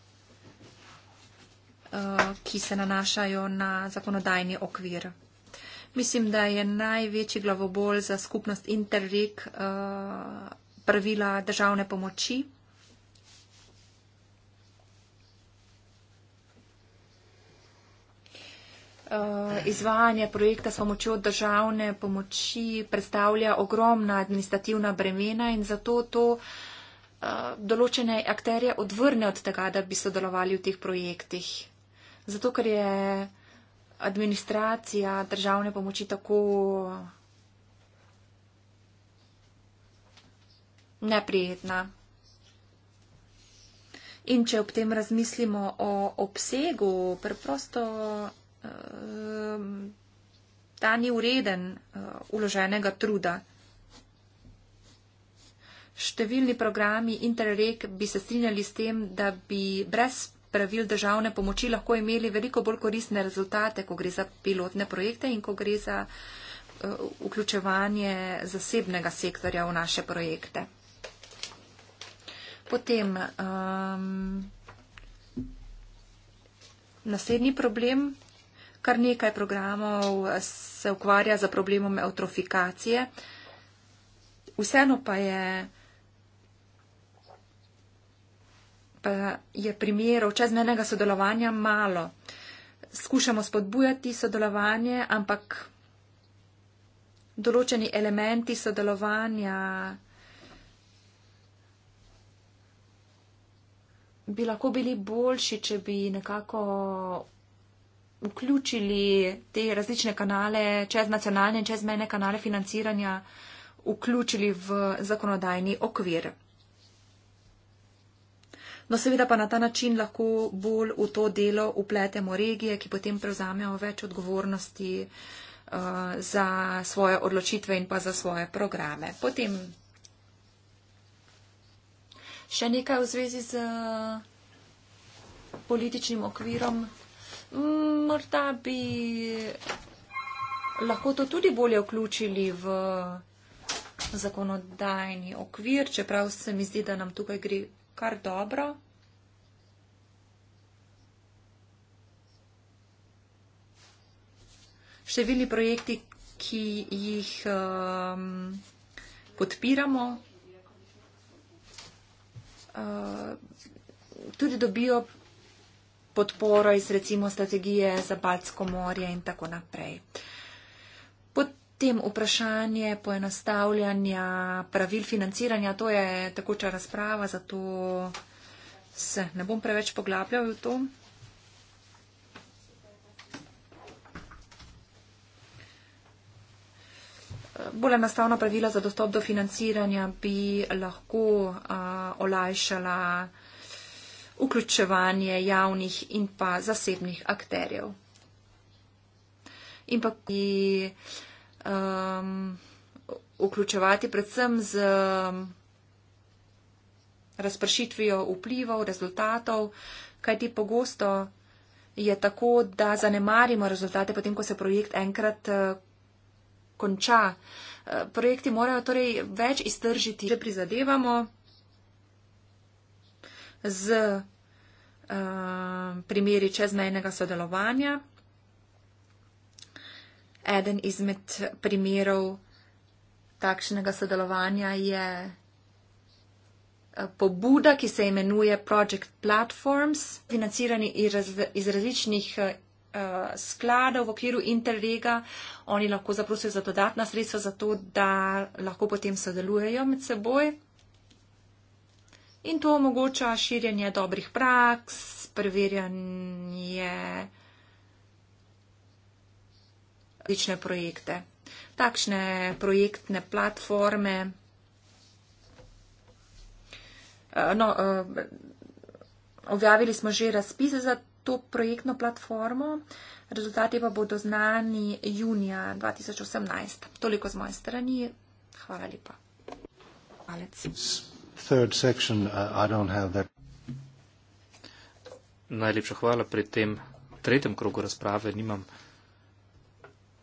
ki se nanašajo na zakonodajni okvir. Mislim, da je največji glavobol za skupnost Interreg eh, pravila državne pomoči. Eh, izvajanje projekta s pomočjo državne pomoči predstavlja ogromna administrativna bremena in zato to eh, določene akterje odvrne od tega, da bi sodelovali v teh projektih. Zato, ker je administracija državne pomoči tako neprijetna. In če ob tem razmislimo o obsegu, preprosto Ehm, ta ni ureden eh, uloženega truda. Številni programi Interreg bi se strinjali s tem, da bi brez pravil državne pomoči lahko imeli veliko bolj koristne rezultate, ko gre za pilotne projekte in ko gre za eh, vključevanje zasebnega sektorja v naše projekte. Potem um, naslednji problem, Kar nekaj programov se ukvarja za problemom eutrofikacije. Vseeno pa je, pa je primerov čezmenega sodelovanja malo. Skušamo spodbujati sodelovanje, ampak določeni elementi sodelovanja bi lahko bili boljši, če bi nekako vključili te različne kanale, čez nacionalne in čezmejne kanale financiranja, vključili v zakonodajni okvir. No, seveda pa na ta način lahko bolj v to delo upletemo regije, ki potem prevzamejo več odgovornosti uh, za svoje odločitve in pa za svoje programe. Potem še nekaj v zvezi z uh, političnim okvirom. Morda bi lahko to tudi bolje vključili v zakonodajni okvir, čeprav se mi zdi, da nam tukaj gre kar dobro. Številni projekti, ki jih um, podpiramo, uh, tudi dobijo podporo iz recimo strategije za Baltsko morje in tako naprej. Potem vprašanje poenostavljanja pravil financiranja, to je takoča razprava, zato se ne bom preveč poglabljal v to. Bole nastavna pravila za dostop do financiranja bi lahko uh, olajšala vključevanje javnih in pa zasebnih akterjev. In pa ki um, vključevati predvsem z um, razpršitvijo vplivov, rezultatov, kajti pogosto je tako, da zanemarimo rezultate potem, ko se projekt enkrat uh, konča. Uh, projekti morajo torej več iztržiti, če prizadevamo z Eh, primeri čezmejnega sodelovanja. Eden izmed primerov takšnega sodelovanja je eh, pobuda, ki se imenuje Project Platforms, financirani iz, iz različnih eh, sklada v okviru Interrega. Oni lahko zaprosijo za dodatna sredstva, zato da lahko potem sodelujejo med seboj in to omogoča širjenje dobrih praks, preverjanje različne projekte. Takšne projektne platforme. Eh, no, eh, objavili smo že razpise za to projektno platformo, rezultati pa bodo znani junija 2018. Toliko z moje strani. Hvala lepa. Hvala lepa third section, uh, I don't have that. Najlepša hvala. Pri tem tretjem krogu razprave nimam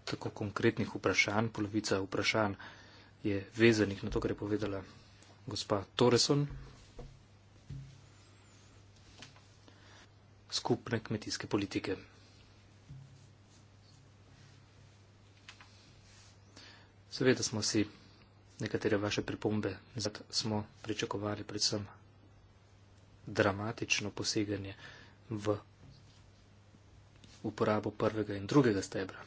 tako konkretnih vprašanj. Polovica vprašanj je vezanih na to, kar je povedala gospa Toreson. Skupne kmetijske politike. Seveda smo si nekatere vaše pripombe, zato smo pričakovali predvsem dramatično poseganje v uporabo prvega in drugega stebra.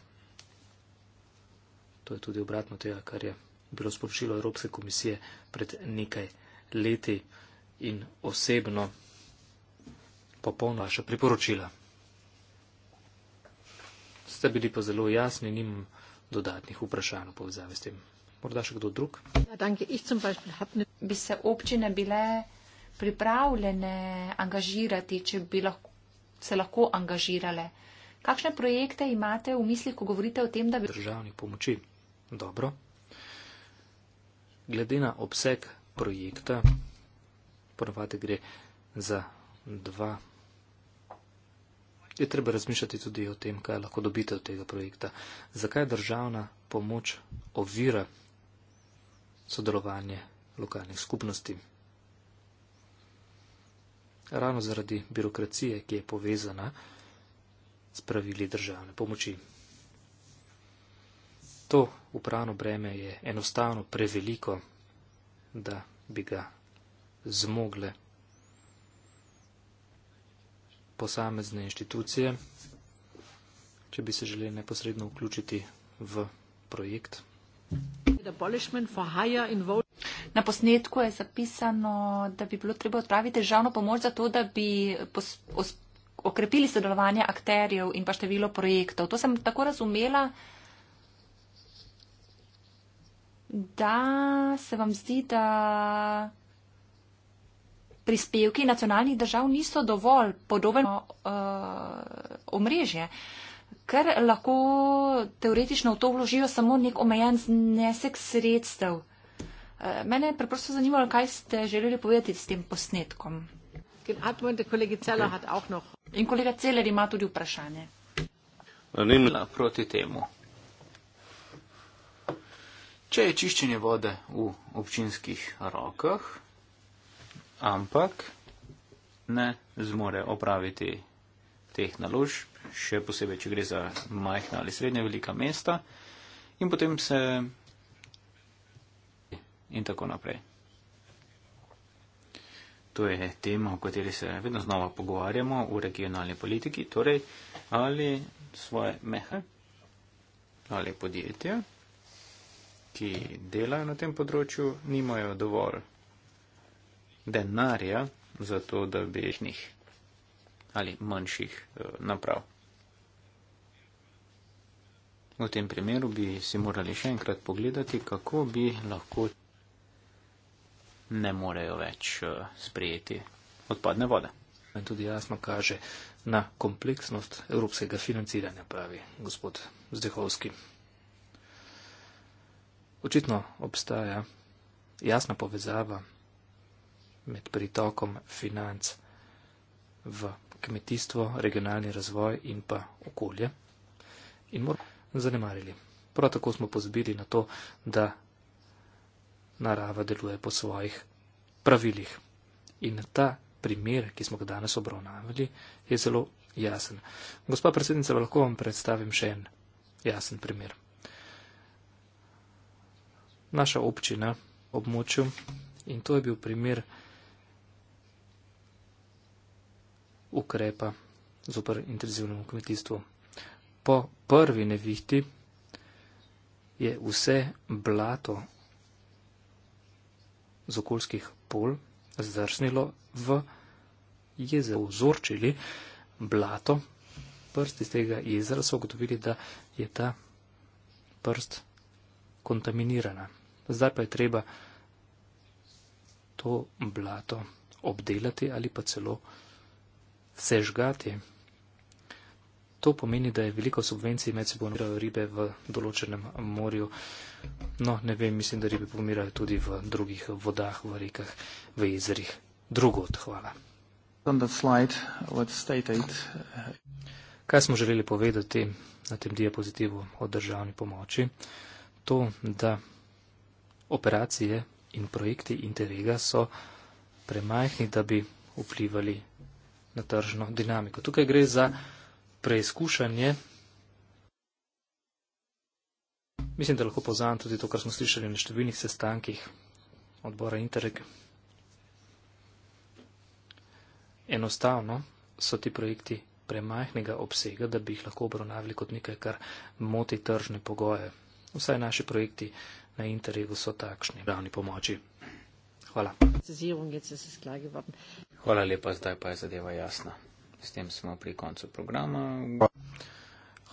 To je tudi obratno tega, kar je bilo sporočilo Evropske komisije pred nekaj leti in osebno popolno vaše priporočila. Ste bili pa zelo jasni, nimam dodatnih vprašanj v povezavi s tem. Morda še kdo drug? Ja, bi se občine bile pripravljene angažirati, če bi lahko, se lahko angažirale? Kakšne projekte imate v mislih, ko govorite o tem, da bi. Državnih pomoči. Dobro. Glede na obseg projekta, ponovadi gre za dva. Je treba razmišljati tudi o tem, kaj lahko dobite od tega projekta. Zakaj državna pomoč ovira sodelovanje lokalnih skupnosti. Ravno zaradi birokracije, ki je povezana s pravili državne pomoči. To upravno breme je enostavno preveliko, da bi ga zmogle posamezne inštitucije, če bi se želeli neposredno vključiti v projekt. Thank you. Na posnetku je zapisano, da bi bilo treba odpraviti državno pomoč za to, da bi okrepili sodelovanje akterjev in pa število projektov. To sem tako razumela, da se vam zdi, da prispevki nacionalnih držav niso dovolj podobno uh, eh, omrežje. Uh, ker lahko teoretično v to vložijo samo nek omejen znesek sredstev. Eh, mene je preprosto zanimalo, kaj ste želeli povedati s tem posnetkom. In kolega Celer ima tudi vprašanje. Zanimila proti temu. Če je čiščenje vode v občinskih rokah, ampak ne zmore opraviti teh naložb, še posebej, če gre za majhna ali srednja velika mesta. In potem se. In tako naprej. To je tema, o kateri se vedno znova pogovarjamo v regionalni politiki, torej ali svoje mehe ali podjetja, ki delajo na tem področju, nimajo dovolj denarja za to, da bi jih ali manjših eh, naprav. V tem primeru bi si morali še enkrat pogledati, kako bi lahko ne morejo več eh, sprejeti odpadne vode. In tudi jasno kaže na kompleksnost evropskega financiranja, pravi gospod Zdehovski. Očitno obstaja jasna povezava med pritokom financ v kmetijstvo, regionalni razvoj in pa okolje. In moramo zanemarili. Prav tako smo pozbili na to, da narava deluje po svojih pravilih. In ta primer, ki smo ga danes obravnavali, je zelo jasen. Gospa predsednica, lahko vam predstavim še en jasen primer. Naša občina območju in to je bil primer ukrepa zopr intenzivnemu kmetijstvu po prvi nevihti je vse blato z okoljskih pol zdrsnilo v jezer. Vzorčili blato, prst iz tega jezera so ugotovili, da je ta prst kontaminirana. Zdaj pa je treba to blato obdelati ali pa celo sežgati. To pomeni, da je veliko subvencij med seboj umirajo ribe v določenem morju. No, ne vem, mislim, da ribe pomirajo tudi v drugih vodah, v rekah, v jezerih. Drugod, hvala. Kaj smo želeli povedati na tem diapozitivu o državni pomoči? To, da operacije in projekti Interrega so premajhni, da bi vplivali na tržno dinamiko. Tukaj gre za preizkušanje. Mislim, da lahko poznam tudi to, kar smo slišali na številnih sestankih odbora Interreg. Enostavno so ti projekti premajhnega obsega, da bi jih lahko obravnavali kot nekaj, kar moti tržne pogoje. Vsaj naši projekti na Interregu so takšni. Ravni pomoči. Hvala. Hvala lepa, zdaj pa je zadeva jasna. S tem smo pri koncu programa.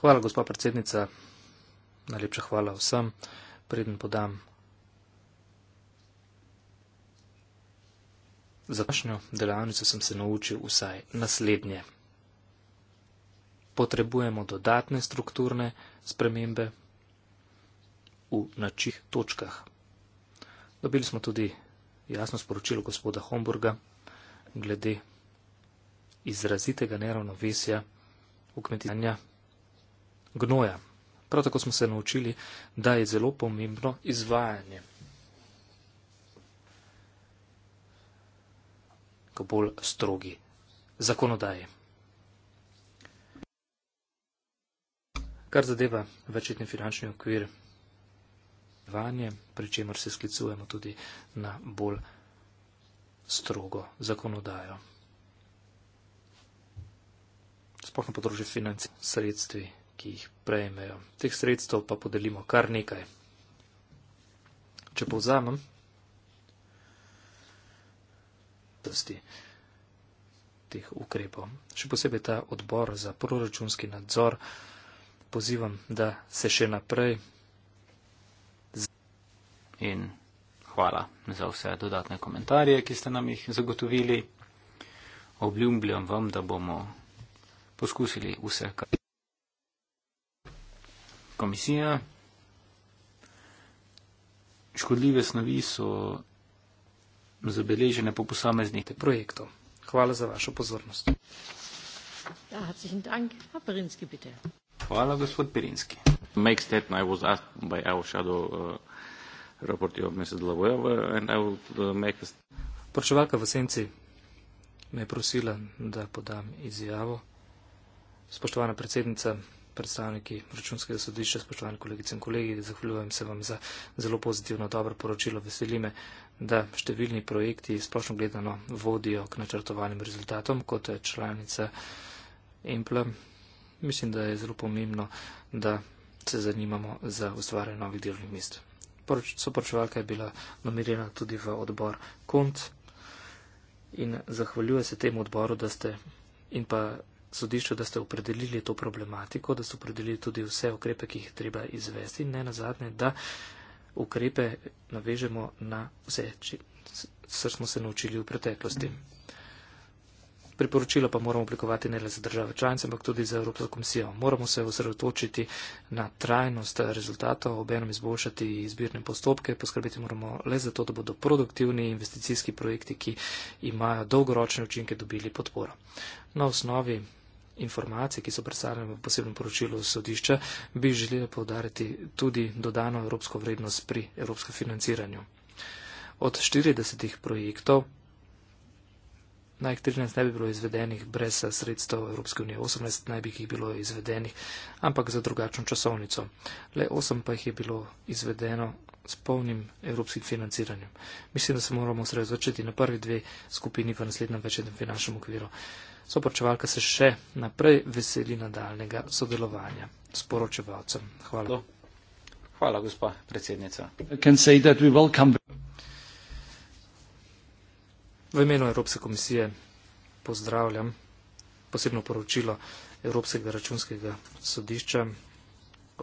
Hvala, gospa predsednica. Najlepša hvala vsem. Preden podam zaključno delavnico, sem se naučil vsaj naslednje. Potrebujemo dodatne strukturne spremembe v načih točkah. Dobili smo tudi jasno sporočilo gospoda Homburga glede izrazitega neravnovesja, ukmetijanja, gnoja. Prav tako smo se naučili, da je zelo pomembno izvajanje. Ko bolj strogi zakonodaji. Kar zadeva večetni finančni okvir, vanje, pri čemer se sklicujemo tudi na bolj strogo zakonodajo sploh na področju financ, sredstvi, ki jih prejmejo. Teh sredstev pa podelimo kar nekaj. Če povzamem, tosti teh ukrepov, še posebej ta odbor za proračunski nadzor, pozivam, da se še naprej. In hvala za vse dodatne komentarje, ki ste nam jih zagotovili. Obljubljam vam, da bomo poskusili vse, kar je komisija. Škodljive snovi so zabeležene po posameznih projektov. Hvala za vašo pozornost. Ja, Hvala, gospod Pirinski. Make statement I was asked by our shadow uh, reporter of Mrs. Lavoeva and I will uh, make a... Poročevalka v senci me je prosila, da podam izjavo spoštovana predsednica, predstavniki računskega sodišča, spoštovani kolegice in kolegi, zahvaljujem se vam za zelo pozitivno dobro poročilo. Veseli me, da številni projekti splošno gledano vodijo k načrtovanim rezultatom, kot je članica Emple. Mislim, da je zelo pomembno, da se zanimamo za ustvarjanje novih delovnih mest. Soporočevalka je bila nominirana tudi v odbor KONT in zahvaljuje se temu odboru, da ste in pa sodišču, da ste opredelili to problematiko, da ste opredelili tudi vse ukrepe, ki jih je treba izvesti in ne na zadnje, da ukrepe navežemo na vse, kar smo se naučili v preteklosti. Priporočila pa moramo oblikovati ne le za države članice, ampak tudi za Evropsko komisijo. Moramo se osredotočiti na trajnost rezultatov, obenem izboljšati izbirne postopke, poskrbeti moramo le za to, da bodo produktivni investicijski projekti, ki imajo dolgoročne učinke, dobili podporo. Na osnovi informacije, ki so predstavljene v posebnem poročilu sodišča, bi želeli povdariti tudi dodano evropsko vrednost pri evropskem financiranju. Od 40 projektov, naj jih 13 ne bi bilo izvedenih brez sredstev Evropske unije, 18 naj bi jih bilo izvedenih, ampak za drugačno časovnico. Le 8 pa jih je bilo izvedeno s polnim evropskim financiranjem. Mislim, da se moramo sredozočiti na prvi dve skupini v naslednjem večjem finančnem okviru soporočevalka se še naprej veseli nadaljnega sodelovanja s poročevalcem. Hvala. Hvala, gospa predsednica. V imenu Evropske komisije pozdravljam posebno poročilo Evropskega računskega sodišča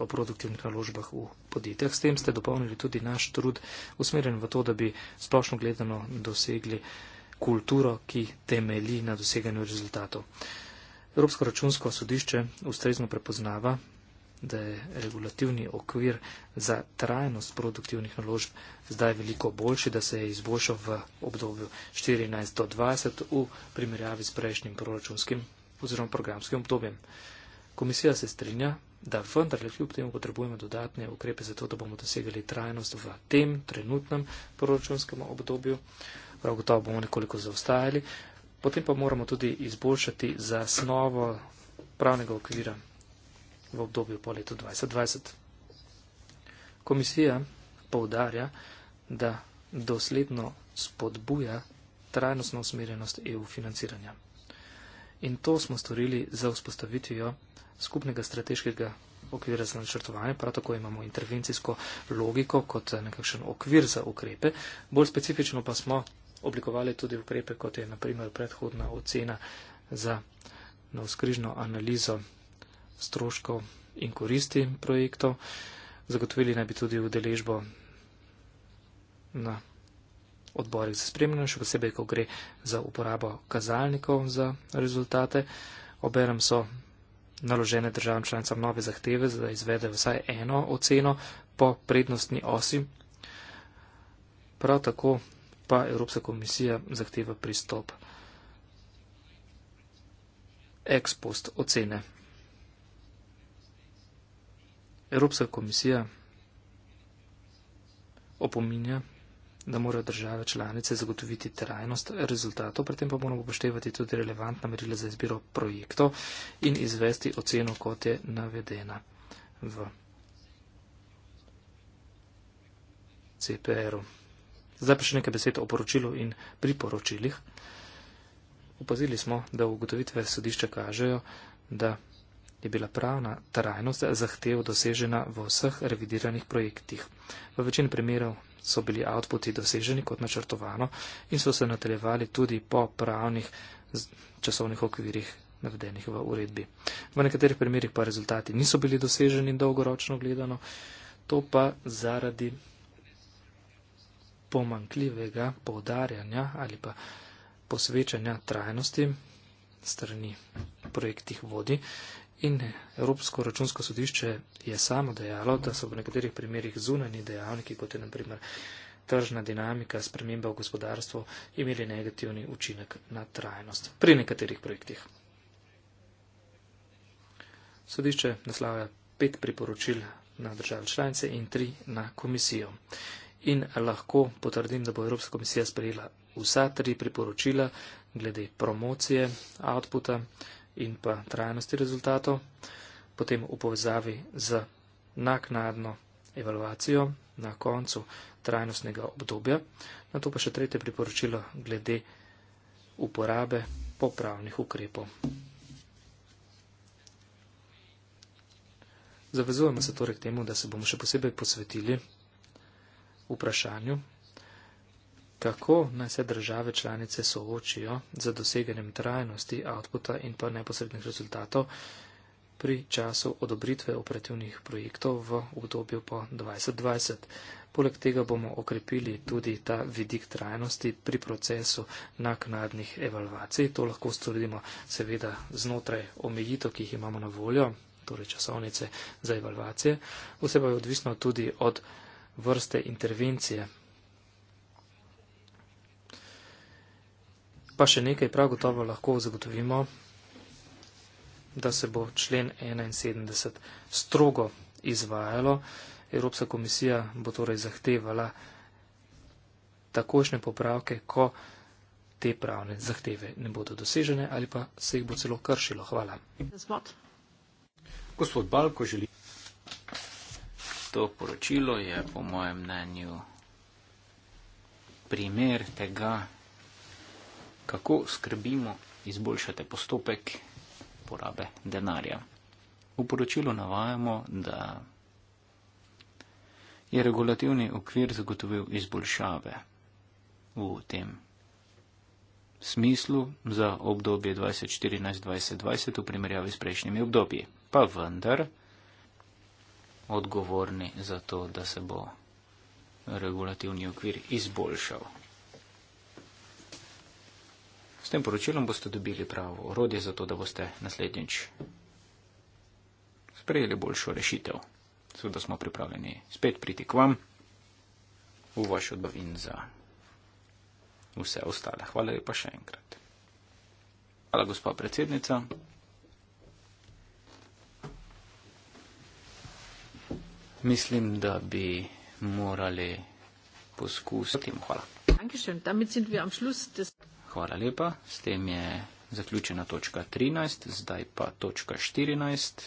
o produktivnih naložbah v podjetjah. S tem ste dopolnili tudi naš trud usmerjen v to, da bi splošno gledano dosegli kulturo, ki temelji na doseganju rezultatov. Evropsko računsko sodišče ustrezno prepoznava, da je regulativni okvir za trajnost produktivnih naložb zdaj veliko boljši, da se je izboljšal v obdobju 14 do 20 v primerjavi s prejšnjim proračunskim oziroma programskim obdobjem. Komisija se strinja, da vendarle kljub temu potrebujemo dodatne ukrepe za to, da bomo dosegali trajnost v tem trenutnem proračunskem obdobju prav gotovo bomo nekoliko zaostajali. Potem pa moramo tudi izboljšati zasnovo pravnega okvira v obdobju po letu 2020. Komisija poudarja, da dosledno spodbuja trajnostno usmerjenost EU financiranja. In to smo storili za vzpostavitvijo skupnega strateškega okvira za načrtovanje, prav tako imamo intervencijsko logiko kot nekakšen okvir za ukrepe, bolj specifično pa smo oblikovali tudi ukrepe, kot je naprimer predhodna ocena za navskrižno analizo stroškov in koristi projektov. Zagotovili naj bi tudi udeležbo na odborih za spremljanje, še posebej, ko gre za uporabo kazalnikov za rezultate. Oberem so naložene državam članicam nove zahteve, da izvede vsaj eno oceno po prednostni osi. Prav tako pa Evropska komisija zahteva pristop ex post ocene. Evropska komisija opominja, da morajo države članice zagotoviti trajnost rezultatov, pri tem pa moramo upoštevati tudi relevantna merila za izbiro projektov in izvesti oceno, kot je navedena v CPR-u. Zdaj pa še nekaj besed o poročilu in priporočilih. Upazili smo, da ugotovitve sodišča kažejo, da je bila pravna trajnost zahtev dosežena v vseh revidiranih projektih. V večini primerov so bili outputi doseženi kot načrtovano in so se nateljevali tudi po pravnih časovnih okvirih navedenih v uredbi. V nekaterih primerih pa rezultati niso bili doseženi dolgoročno gledano, to pa zaradi pomankljivega podarjanja ali pa posvečanja trajnosti strani projektih vodi. In Evropsko računsko sodišče je samo dejalo, da so v nekaterih primerjih zunani dejavniki, kot je naprimer tržna dinamika, sprememba v gospodarstvu, imeli negativni učinek na trajnost pri nekaterih projektih. Sodišče naslavlja pet priporočil na države članice in tri na komisijo in lahko potrdim, da bo Evropska komisija sprejela vsa tri priporočila glede promocije outputa in pa trajnosti rezultatov, potem v povezavi z naknadno evaluacijo na koncu trajnostnega obdobja, na to pa še tretje priporočilo glede uporabe popravnih ukrepov. Zavezujemo se torej k temu, da se bomo še posebej posvetili vprašanju, kako naj se države članice soočijo za doseganjem trajnosti outputa in pa neposrednih rezultatov pri času odobritve operativnih projektov v obdobju po 2020. Poleg tega bomo okrepili tudi ta vidik trajnosti pri procesu naknadnih evalvacij. To lahko storimo seveda znotraj omejitev, ki jih imamo na voljo, torej časovnice za evalvacije. Vse pa je odvisno tudi od vrste intervencije. Pa še nekaj prav gotovo lahko zagotovimo, da se bo člen 71 strogo izvajalo. Evropska komisija bo torej zahtevala takošne popravke, ko te pravne zahteve ne bodo dosežene ali pa se jih bo celo kršilo. Hvala. Gospod Balko želi to poročilo je po mojem mnenju primer tega, kako skrbimo izboljšati postopek porabe denarja. V poročilu navajamo, da je regulativni okvir zagotovil izboljšave v tem smislu za obdobje 2014-2020 v primerjavi s prejšnjimi obdobji. Pa vendar, odgovorni za to, da se bo regulativni okvir izboljšal. S tem poročilom boste dobili pravo orodje za to, da boste naslednjič sprejeli boljšo rešitev. Seveda smo pripravljeni spet priti k vam v vaš odbav in za vse ostale. Hvala lepa še enkrat. Hvala, gospod predsednica. mislim, da bi morali poskusiti. Hvala. Hvala lepa. S tem je zaključena točka 13, zdaj pa točka 14.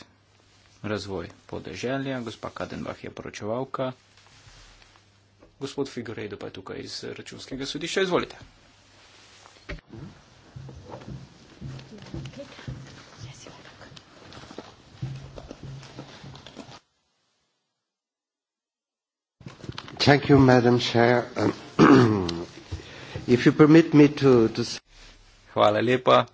Razvoj podeželja. Gospa Kadenbach je poročevalka. Gospod Figuredo pa je tukaj iz računskega sodišča. Izvolite. Um, Hvala lepa.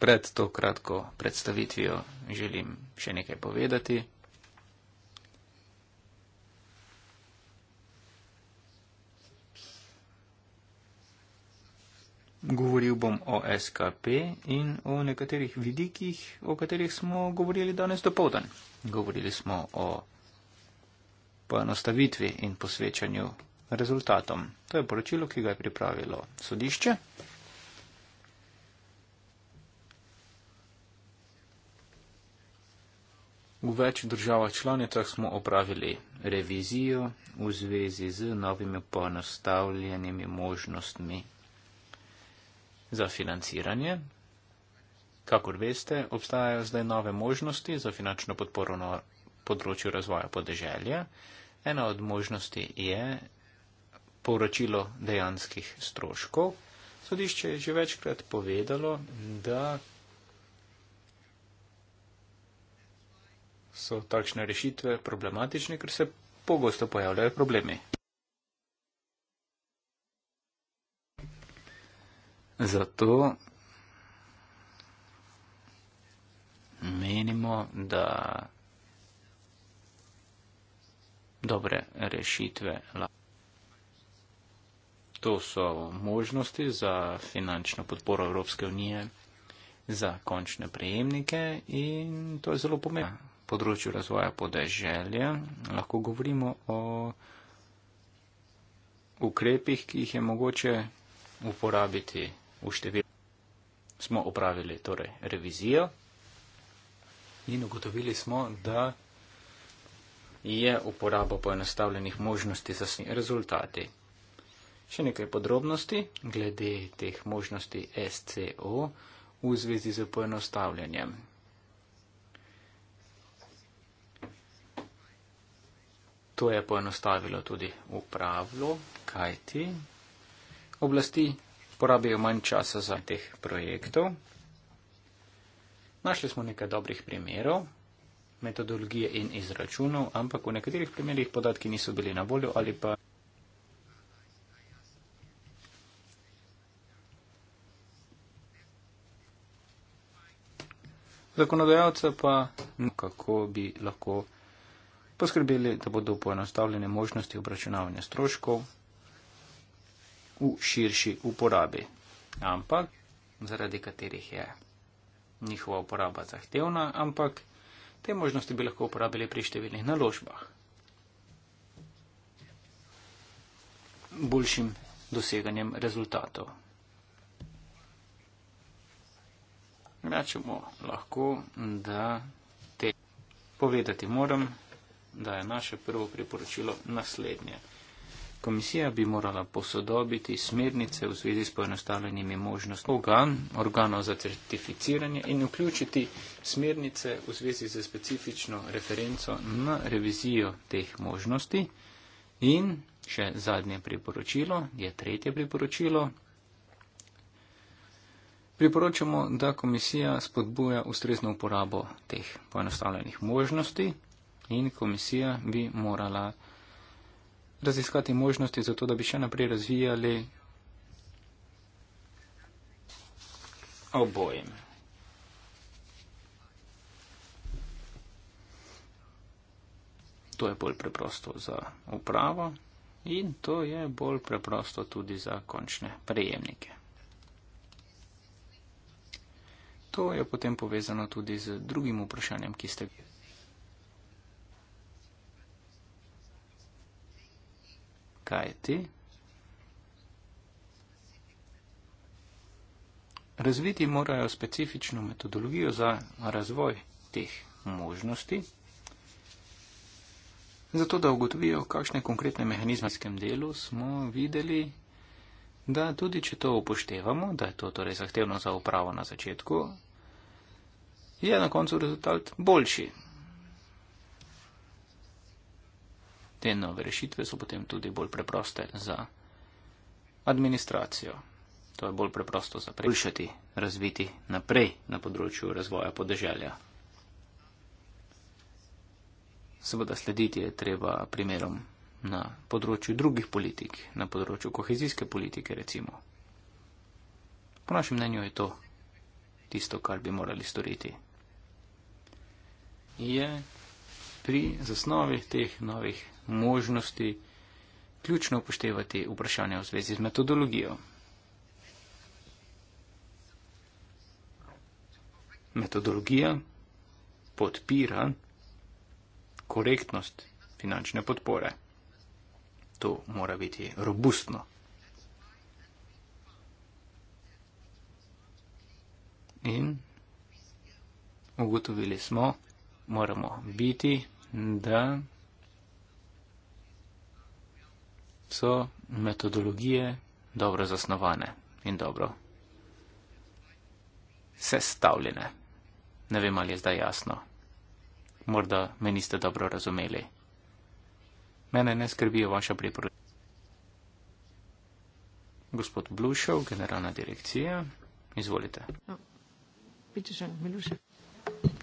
Pred to kratko predstavitvijo želim še nekaj povedati. Govoril bom o SKP in o nekaterih vidikih, o katerih smo govorili danes do povdan. Govorili smo o poenostavitvi in posvečanju rezultatom. To je poročilo, ki ga je pripravilo sodišče. V več državah članicah smo opravili revizijo v zvezi z novimi poenostavljenimi možnostmi za financiranje. Kakor veste, obstajajo zdaj nove možnosti za finančno podporo na področju razvoja podeželja. Ena od možnosti je poročilo dejanskih stroškov. Sodišče je že večkrat povedalo, da so takšne rešitve problematične, ker se pogosto pojavljajo problemi. Zato menimo, da dobre rešitve lahko. To so možnosti za finančno podporo Evropske unije za končne prejemnike in to je zelo pomembno. Na področju razvoja podeželja lahko govorimo o ukrepih, ki jih je mogoče uporabiti v številu. Smo opravili torej revizijo in ugotovili smo, da je uporaba poenostavljenih možnosti za sni rezultati. Še nekaj podrobnosti glede teh možnosti SCO v zvezi z poenostavljanjem. To je poenostavilo tudi upravlo, kajti oblasti porabijo manj časa za teh projektov. Našli smo nekaj dobrih primerov metodologije in izračunov, ampak v nekaterih primerjih podatki niso bili na voljo ali pa. Zakonodajalce pa kako bi lahko poskrbeli, da bodo poenostavljene možnosti obračunavanja stroškov v širši uporabi. Ampak zaradi katerih je njihova uporaba zahtevna, ampak te možnosti bi lahko uporabili pri številnih naložbah. Boljšim doseganjem rezultatov. Rečemo lahko, da te povedati moram, da je naše prvo priporočilo naslednje. Komisija bi morala posodobiti smernice v zvezi s poenostavljenimi možnostmi organ, organov za certificiranje in vključiti smernice v zvezi z specifično referenco na revizijo teh možnosti. In še zadnje priporočilo je tretje priporočilo. Priporočamo, da komisija spodbuja ustrezno uporabo teh poenostavljenih možnosti in komisija bi morala raziskati možnosti za to, da bi še naprej razvijali obojem. To je bolj preprosto za upravo in to je bolj preprosto tudi za končne prejemnike. To je potem povezano tudi z drugim vprašanjem, ki ste ga. kajti razviti morajo specifično metodologijo za razvoj teh možnosti, zato da ugotovijo, kakšne konkretne mehanizme v skem delu smo videli, da tudi če to upoštevamo, da je to torej zahtevno za upravo na začetku, je na koncu rezultat boljši. Te nove rešitve so potem tudi bolj preproste za administracijo. To je bolj preprosto za prejšati, razviti naprej na področju razvoja podeželja. Seveda slediti je treba primerom na področju drugih politik, na področju kohezijske politike recimo. Po našem mnenju je to tisto, kar bi morali storiti. Je pri zasnovi teh novih možnosti ključno upoštevati vprašanja v zvezi z metodologijo. Metodologija podpira korektnost finančne podpore. To mora biti robustno. In ugotovili smo, moramo biti, da so metodologije dobro zasnovane in dobro sestavljene. Ne vem, ali je zdaj jasno. Morda me niste dobro razumeli. Mene ne skrbijo vaša priporočila. Gospod Blušev, generalna direkcija, izvolite. No. Bitte schön, Milusche.